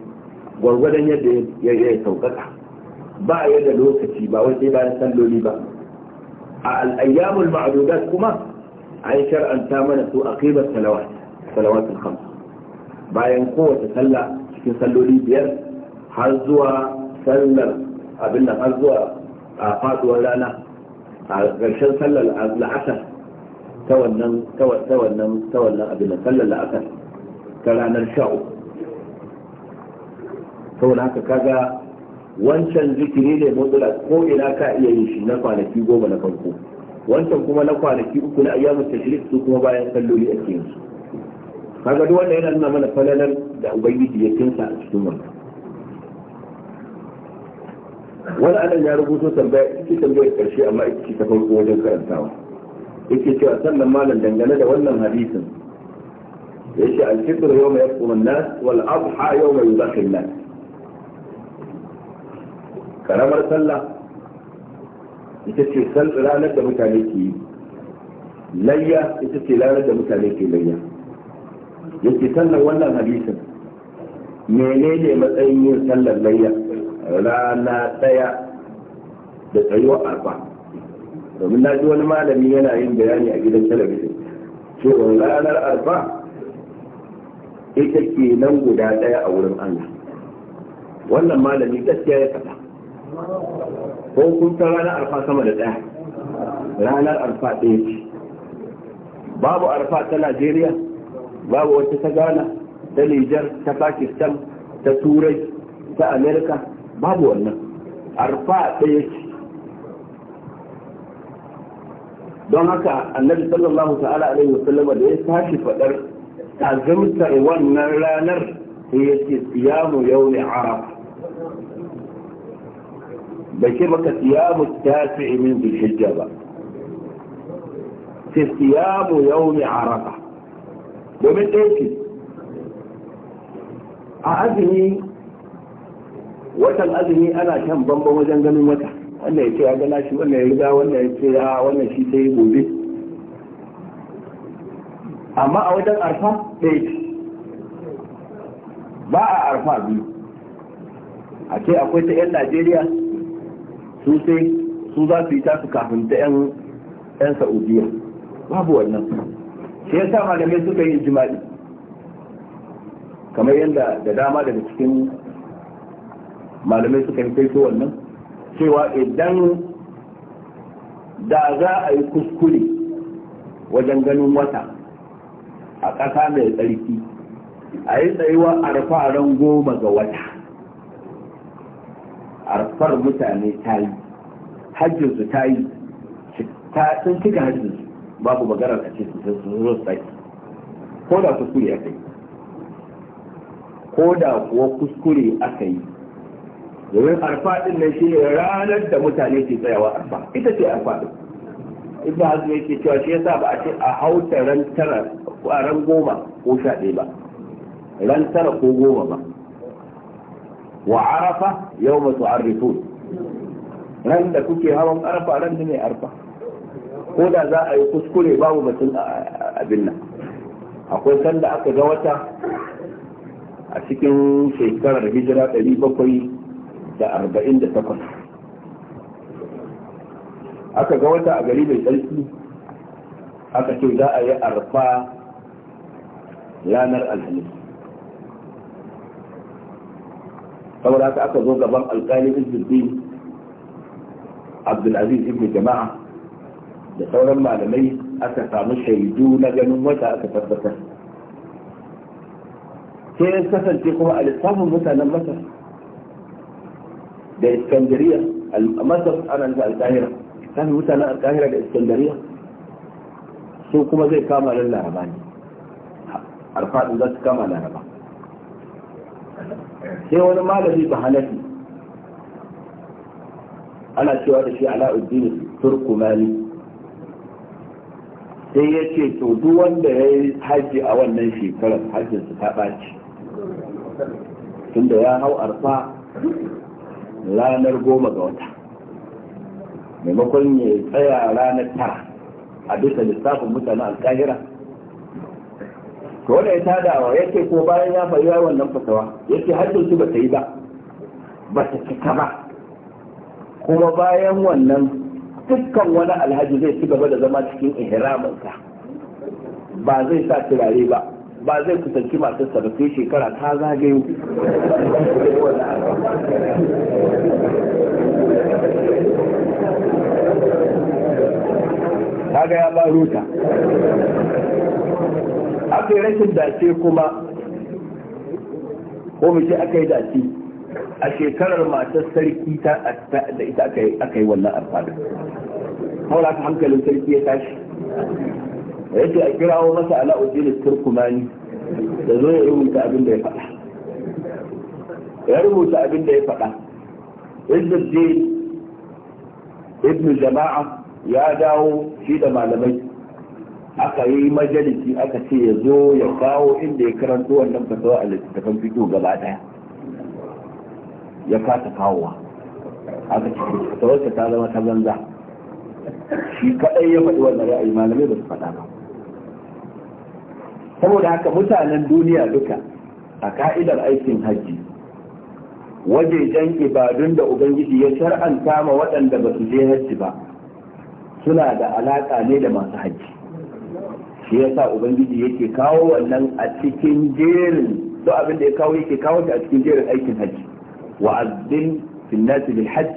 gwargwadon yadda ya yi sauƙaƙa ba ya da lokaci ba wai sai bayan salloli ba a al'ayyamul ma'adudan kuma an shar'anta mana su a qimar salawat salawatul khams bayan kowace sallah cikin salloli biyar har zuwa sallar abin da har zuwa a faduwar rana a ƙarshen sallar la'asar ta wannan ta wannan ta wannan abin da sallar la'asar ta ranar sha uku saboda haka kaga wancan zikiri ne mutlak ko ina ka iya yin shi na kwanaki goma na farko wancan kuma na kwanaki uku na ayyamin tashrik su kuma bayan salloli ake yin su kaga duk wanda yana nuna mana falalar da ubangiji ya kinsa a cikin wannan wani anan ya rubuto tambaya ita tambayar karshe amma ita ce ta farko wajen karantawa yake cewa sannan malam dangane da wannan hadisin yace al-fitr yawma yaqum an-nas wal adha yawma yudhakhiru an-nas karamar sallah ita ce ranar da mutane ke yi layya ita ce ranar da mutane ke layya yake sannan wannan hadisin menene matsayin yin sallar layya rana daya da tsayuwa arba domin na ji wani malami yana yin bayani a gidan talabijin cewa ranar arba ita ke nan guda daya a wurin allah wannan malami gaskiya ya faɗa ko kun san ranar arfa sama da daya ranar arfa ɗaya ce babu arfa ta najeriya babu wata ta ghana ta Nijar ta Pakistan ta Turai ta Amerika babu wannan arfa ɗaya ce don haka annabi sallallahu ta'ala alaihi wasallam da ya tashi fadar azumtar wannan ranar sai ya ce siyamu yawmi arafa bai ce maka siyamu tafi'i min bilhijja ba sai siyamu yawmi arafa domin ɗaya a azumi watan azumi ana shan bambam wajen ganin wata wanda ya ce ya gana shi wanda ya riga wanda ya ce ya wannan shi sai gobe amma a wajen arfa ɗaya ce ba a arfa biyu a ce akwai ta 'yan najeriya su sai su za su yi tasu kafin ta 'yan saudiya babu wannan shi ya sa malamai suka yi jima'i kamar yadda da dama daga cikin malamai suka yi kaito wannan cewa idan da za a yi kuskure wajen ganin wata a ƙasa mai tsarki a yi tsayuwa a rafaren goma ga wata arfar mutane ta yi hajjinsu ta yi sun cika hajjinsu babu maganar a cikin su zo tsaki ko da kuskure a kai ko da kuwa kuskure aka yi domin arfa din nan shi ranar da mutane ke tsayawa arfa ita ce arfa din ibn hazm yake cewa shi yasa ba a ce a hauta ran tara ran goma ko sha ɗaya ba ran tara ko goma ba wa arafa masu tu'arrifun ran da kuke hawan arfa ran da ne arfa ko da za a yi kuskure babu batun abin nan akwai sanda aka ga wata a cikin shekarar hijira 748 aka ga wata a gari mai tsarki aka ce za a yi arfa ranar alhamis saboda haka aka zo gaban alkali izzuddin abdulaziz ibn jama'a da sauran malamai aka samu shaidu na ganin wata aka tabbatar sai ya kasance kuma a lissafin mutanen masar da iskandariya masar ana da alkahira kan mutanen alkahira da iskandariya su kuma zai kama ran laraba ne arfaɗin za su kama laraba sai wani malami ba hanafi ana cewa da shi ala'uddin turkumani sai ya ce to duk wanda ya yi haji a wannan shekarar hajjinsu ta ɓaci tunda ya hau arfa ranar goma ga wata maimakon ya tsaya ranar tara a bisa lissafin mutane alkahira to wanda ya tadawa yake ko bayan ya faruwa wannan fasawa yake hajjin su ba ta yi ba ba ta cika ba kuma bayan wannan dukkan wani alhaji zai ci gaba da zama cikin ihraminsa ba zai sa turare ba ba zai kusanci masu ba shekara ta zagayo ga ya ba ruta aka yi rashin dace kuma ko mu ce aka yi dace a shekarar matar sarki ta da ita aka yi wannan amfani. Maura ta hankalin sarki ya tashi. yake a kirawo masa ala'uddin turkumani da zo ya rubuta abin da ya faɗa ya rubuta abin da ya faɗa je ibn jama'a ya dawo shi da malamai aka yi majalisi aka ce ya zo ya kawo inda ya karanto wannan fasawa a littattafan fito gaba daya ya kasa kawowa aka ce fasawarsa ta zama ta banza shi kaɗai ya faɗi wannan ra'ayi malamai ba su faɗa ba saboda haka mutanen duniya duka a ka'idar aikin hajji wajejen ibadun da ubangiji ya shar'anta ma waɗanda ba su je hajji ba suna da alaƙa ne da masu hajji shi yasa ubangiji yake kawo wannan a cikin jerin duk abin da ya kawo yake kawo shi a cikin jerin aikin hajji wa azzin fil nas bil hajj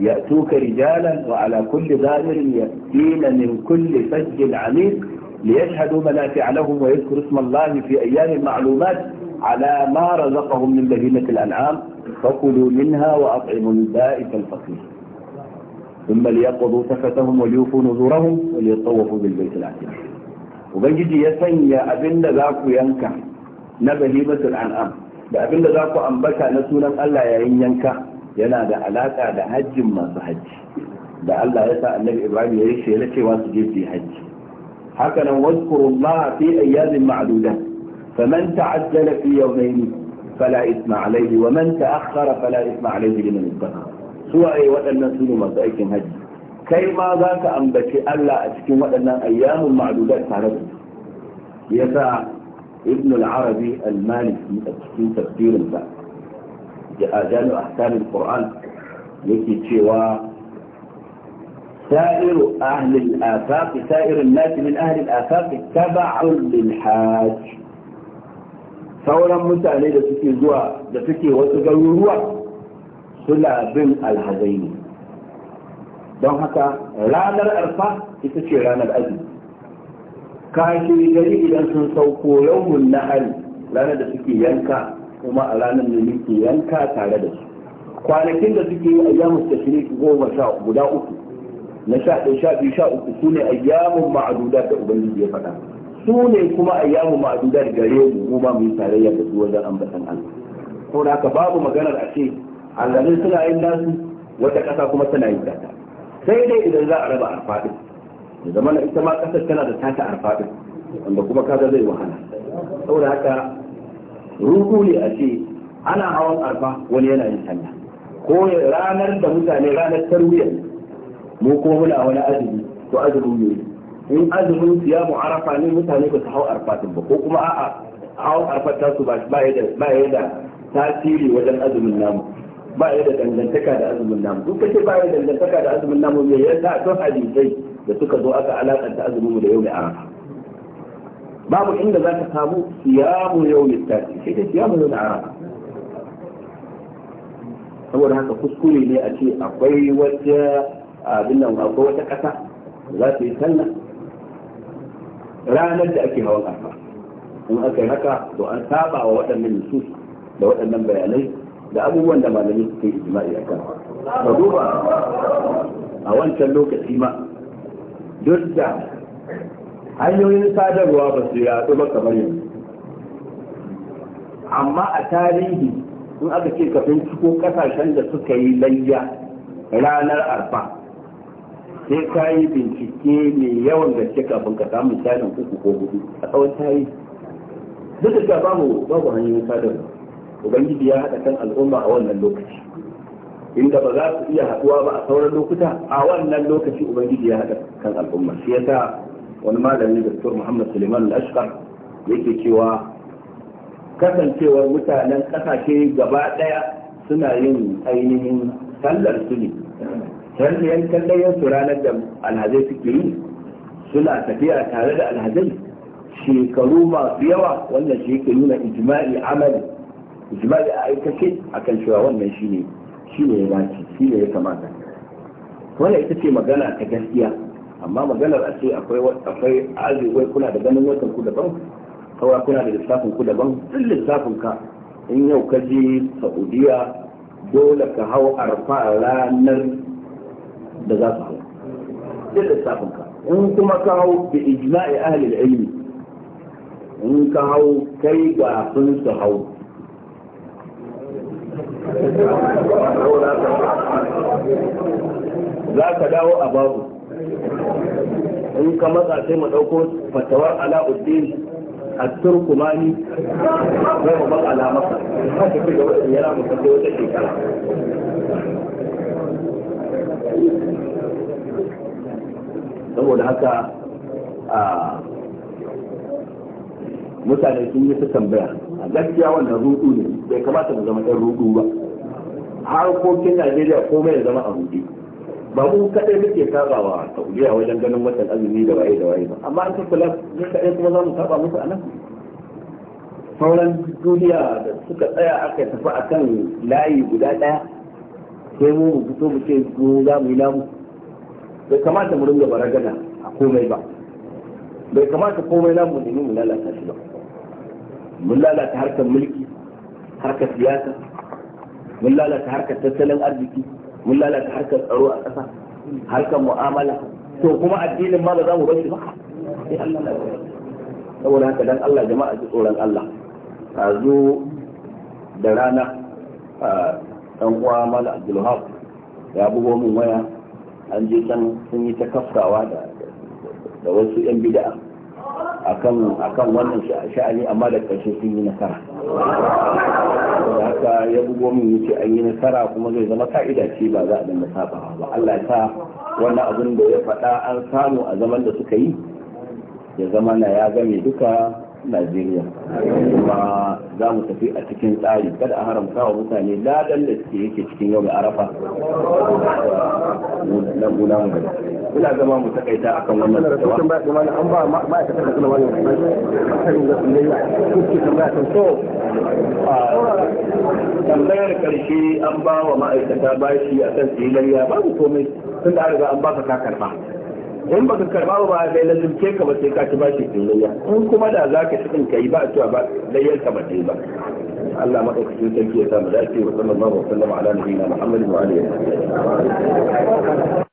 ya'tuka rijalan wa ala kulli dhahirin yatina min kulli fajjin ليشهدوا منافع لهم ويذكروا اسم الله في أيام المعلومات على ما رزقهم من بهيمه الأنعام فكلوا منها وأطعموا البائس الفقير ثم ليقضوا سفتهم وليوفوا نذورهم وليطوفوا بالبيت العتيق وبجد يسن يا أبن ذاك ينكع نبهمة الأنعام يا ابن ذاك أنبكى نسولا ألا يعين ينكع ينادى على تعد حج ما سحج بأن لا النبي إبراهيم يريد شيء لكي واسجد في حج حكنا واذكر الله في أيام معدودة فمن تعجل في يومين فلا إثم عليه ومن تأخر فلا إثم عليه لمن اتقى سواء وأن نسل ما سأيك هجي كي ما ذاك أن بكي ألا أشكي وأن أيام معدودة تعرفت يسعى ابن العربي المالكي أشكي تفسير الله جاء جاء أحسان القرآن يكي تشيوه سائر أهل الآفاق سائر الناس من أهل الآفاق تبع للحاج sauran mutane da suke zuwa da suke wasu garuruwa suna bin alhazai don haka ranar arfa ita ce ranar azumi kashi gari idan sun sauko yawon nahari ranar da suke yanka kuma a ranar da muke yanka tare da su kwanakin da suke yi a yamus da goma sha guda uku na sha ɗaya sha biyu sha uku su ne ayyamun ma'aduda da ubangiji ya faɗa su ne kuma ayyamun ma'aduda da gare mu mu ma mu yi tarayya da su wajen ambatan Allah ko da haka babu maganar a ce alhalin suna yin nasu wata ƙasa kuma tana yin data sai dai idan za a raba arfaɗin da zamana ita ma ƙasar tana da tata arfaɗin wanda kuma kaga zai wahala saboda haka ruku ne a ce ana hawan arfa wani yana yin sallah ko ranar da mutane ranar tarwiyar mu kuma muna wani azumi to azumin yoyi in azumin siyamu arafa ne mutane ba su hau arfatin ba ko kuma a'a hau ta su ba ya da tasiri wajen azumin namu ba ya da dangantaka da azumin namu duk kace ba ya dangantaka da azumin namu ya yasa to hadisai da suka zo aka alakanta azumin mu da yau mai arafa babu inda za ka samu siyamu yau da tasiri sai da siyamu yau mai arafa saboda haka kuskure ne a ce akwai wata abin nan ko wata ƙasa za su yi talla ranar da ake hawan arfa in aka yi haka to an saba wa waɗannan nusus da waɗannan bayanai da abubuwan da malami suke ijma'i a kan ka duba a wancan lokaci ma duk da hanyoyin sadarwa ba su yaɗu ba kamar yanzu amma a tarihi in aka ce ka binciko kasashen da suka yi layya ranar arfa sai ka yi bincike mai yawan gaske kafin ka samu misalin uku ko hudu a tsawon tayi duk da cewa babu babu hanyoyin sadarwa ubangiji ya haɗa kan al'umma a wannan lokaci inda ba za su iya haɗuwa ba a sauran lokuta a wannan lokaci ubangiji ya haɗa kan al'umma shi yasa wani malami da muhammad suleiman al-ashqar yake cewa kasancewar mutanen ƙasashe gaba ɗaya suna yin ainihin sallar su ne yan kallon yan ranar da alhazai suke yi suna tafiya tare da alhazai shekaru masu yawa wannan shi yake nuna ijma'i amali ijma'i a aikace akan cewa wannan shi ne ya shi ne ya kamata wannan ita ce magana ta gaskiya amma maganar a ce akwai akwai azuwai kuna da ganin watan ku daban kawai kuna da lissafin ku daban duk lissafin ka in yau ka je saudiya dole ka hau arfa ranar da za su hau duk lissafin ka in kuma ka hau da ijma'i ahalil ilmi in ka hau kai ga sun su hau za ka dawo a babu in ka matsa sai mu ɗauko fatawar ala'uddin a zai mu التركماني غير مطعم على مصر هذا كله يرى مصر wata shekara saboda haka a mutane sun yi ta tambaya a gaskiya wannan rudu ne bai kamata mu zama ɗan rudu ba harkokin najeriya komai ya zama a rudu ba mu kaɗai muke a saudiya wajen ganin watan azumi da waye da waye ba amma an kula mun kaɗai kuma za mu saba musu a nan sauran duniya da suka tsaya aka tafi akan layi guda ɗaya sai mu mu fito mu ce mu za mu yi namu bai kamata mu ringa baragana a komai ba bai kamata komai namu nemi mu lalata shi ba mun lalata harkar mulki harkar siyasa mun lalata harkar tattalin arziki mun lalata harkar tsaro a ƙasa harkar mu'amala to kuma addinin ma ba za mu bar shi ba saboda haka dan Allah jama'a ji tsoron Allah a zo da rana ah, dan uwa mala abdulhaq ya bugo min waya an je can sun yi ta kafkawa da da wasu yan bid'a akan akan wannan sha'ani amma da ƙarshe sun yi nasara da haka ya bugo min yace an yi nasara kuma zai zama ka'ida ce ba za a dinga sabawa ba Allah ta sa wannan abin da ya faɗa an samu a zaman da suka yi ya zama na ya game duka Najeriya kuma za mu tafi a cikin tsari kada a haramta wa mutane ladan da suke yake cikin yau mai arafa na guna mu gaba ina zama mu takaita akan wannan tsawa an ba ma'aikata da kuma wannan tsarin da kuma yi kuke tambaya kan so tambayar karshe an ba wa ma'aikata bashi akan tsilayya babu komai tun da an riga an ba ka karba in baka karba ba bai lazimce ka ba sai ka ci bashi dillayya in kuma da za ka cikin kai ba cewa ba layyar ka ba dai ba Allah madaukakin sarki ya samu dace wa sallallahu alaihi wa sallam ala nabiyina Muhammadin wa alihi wa sahbihi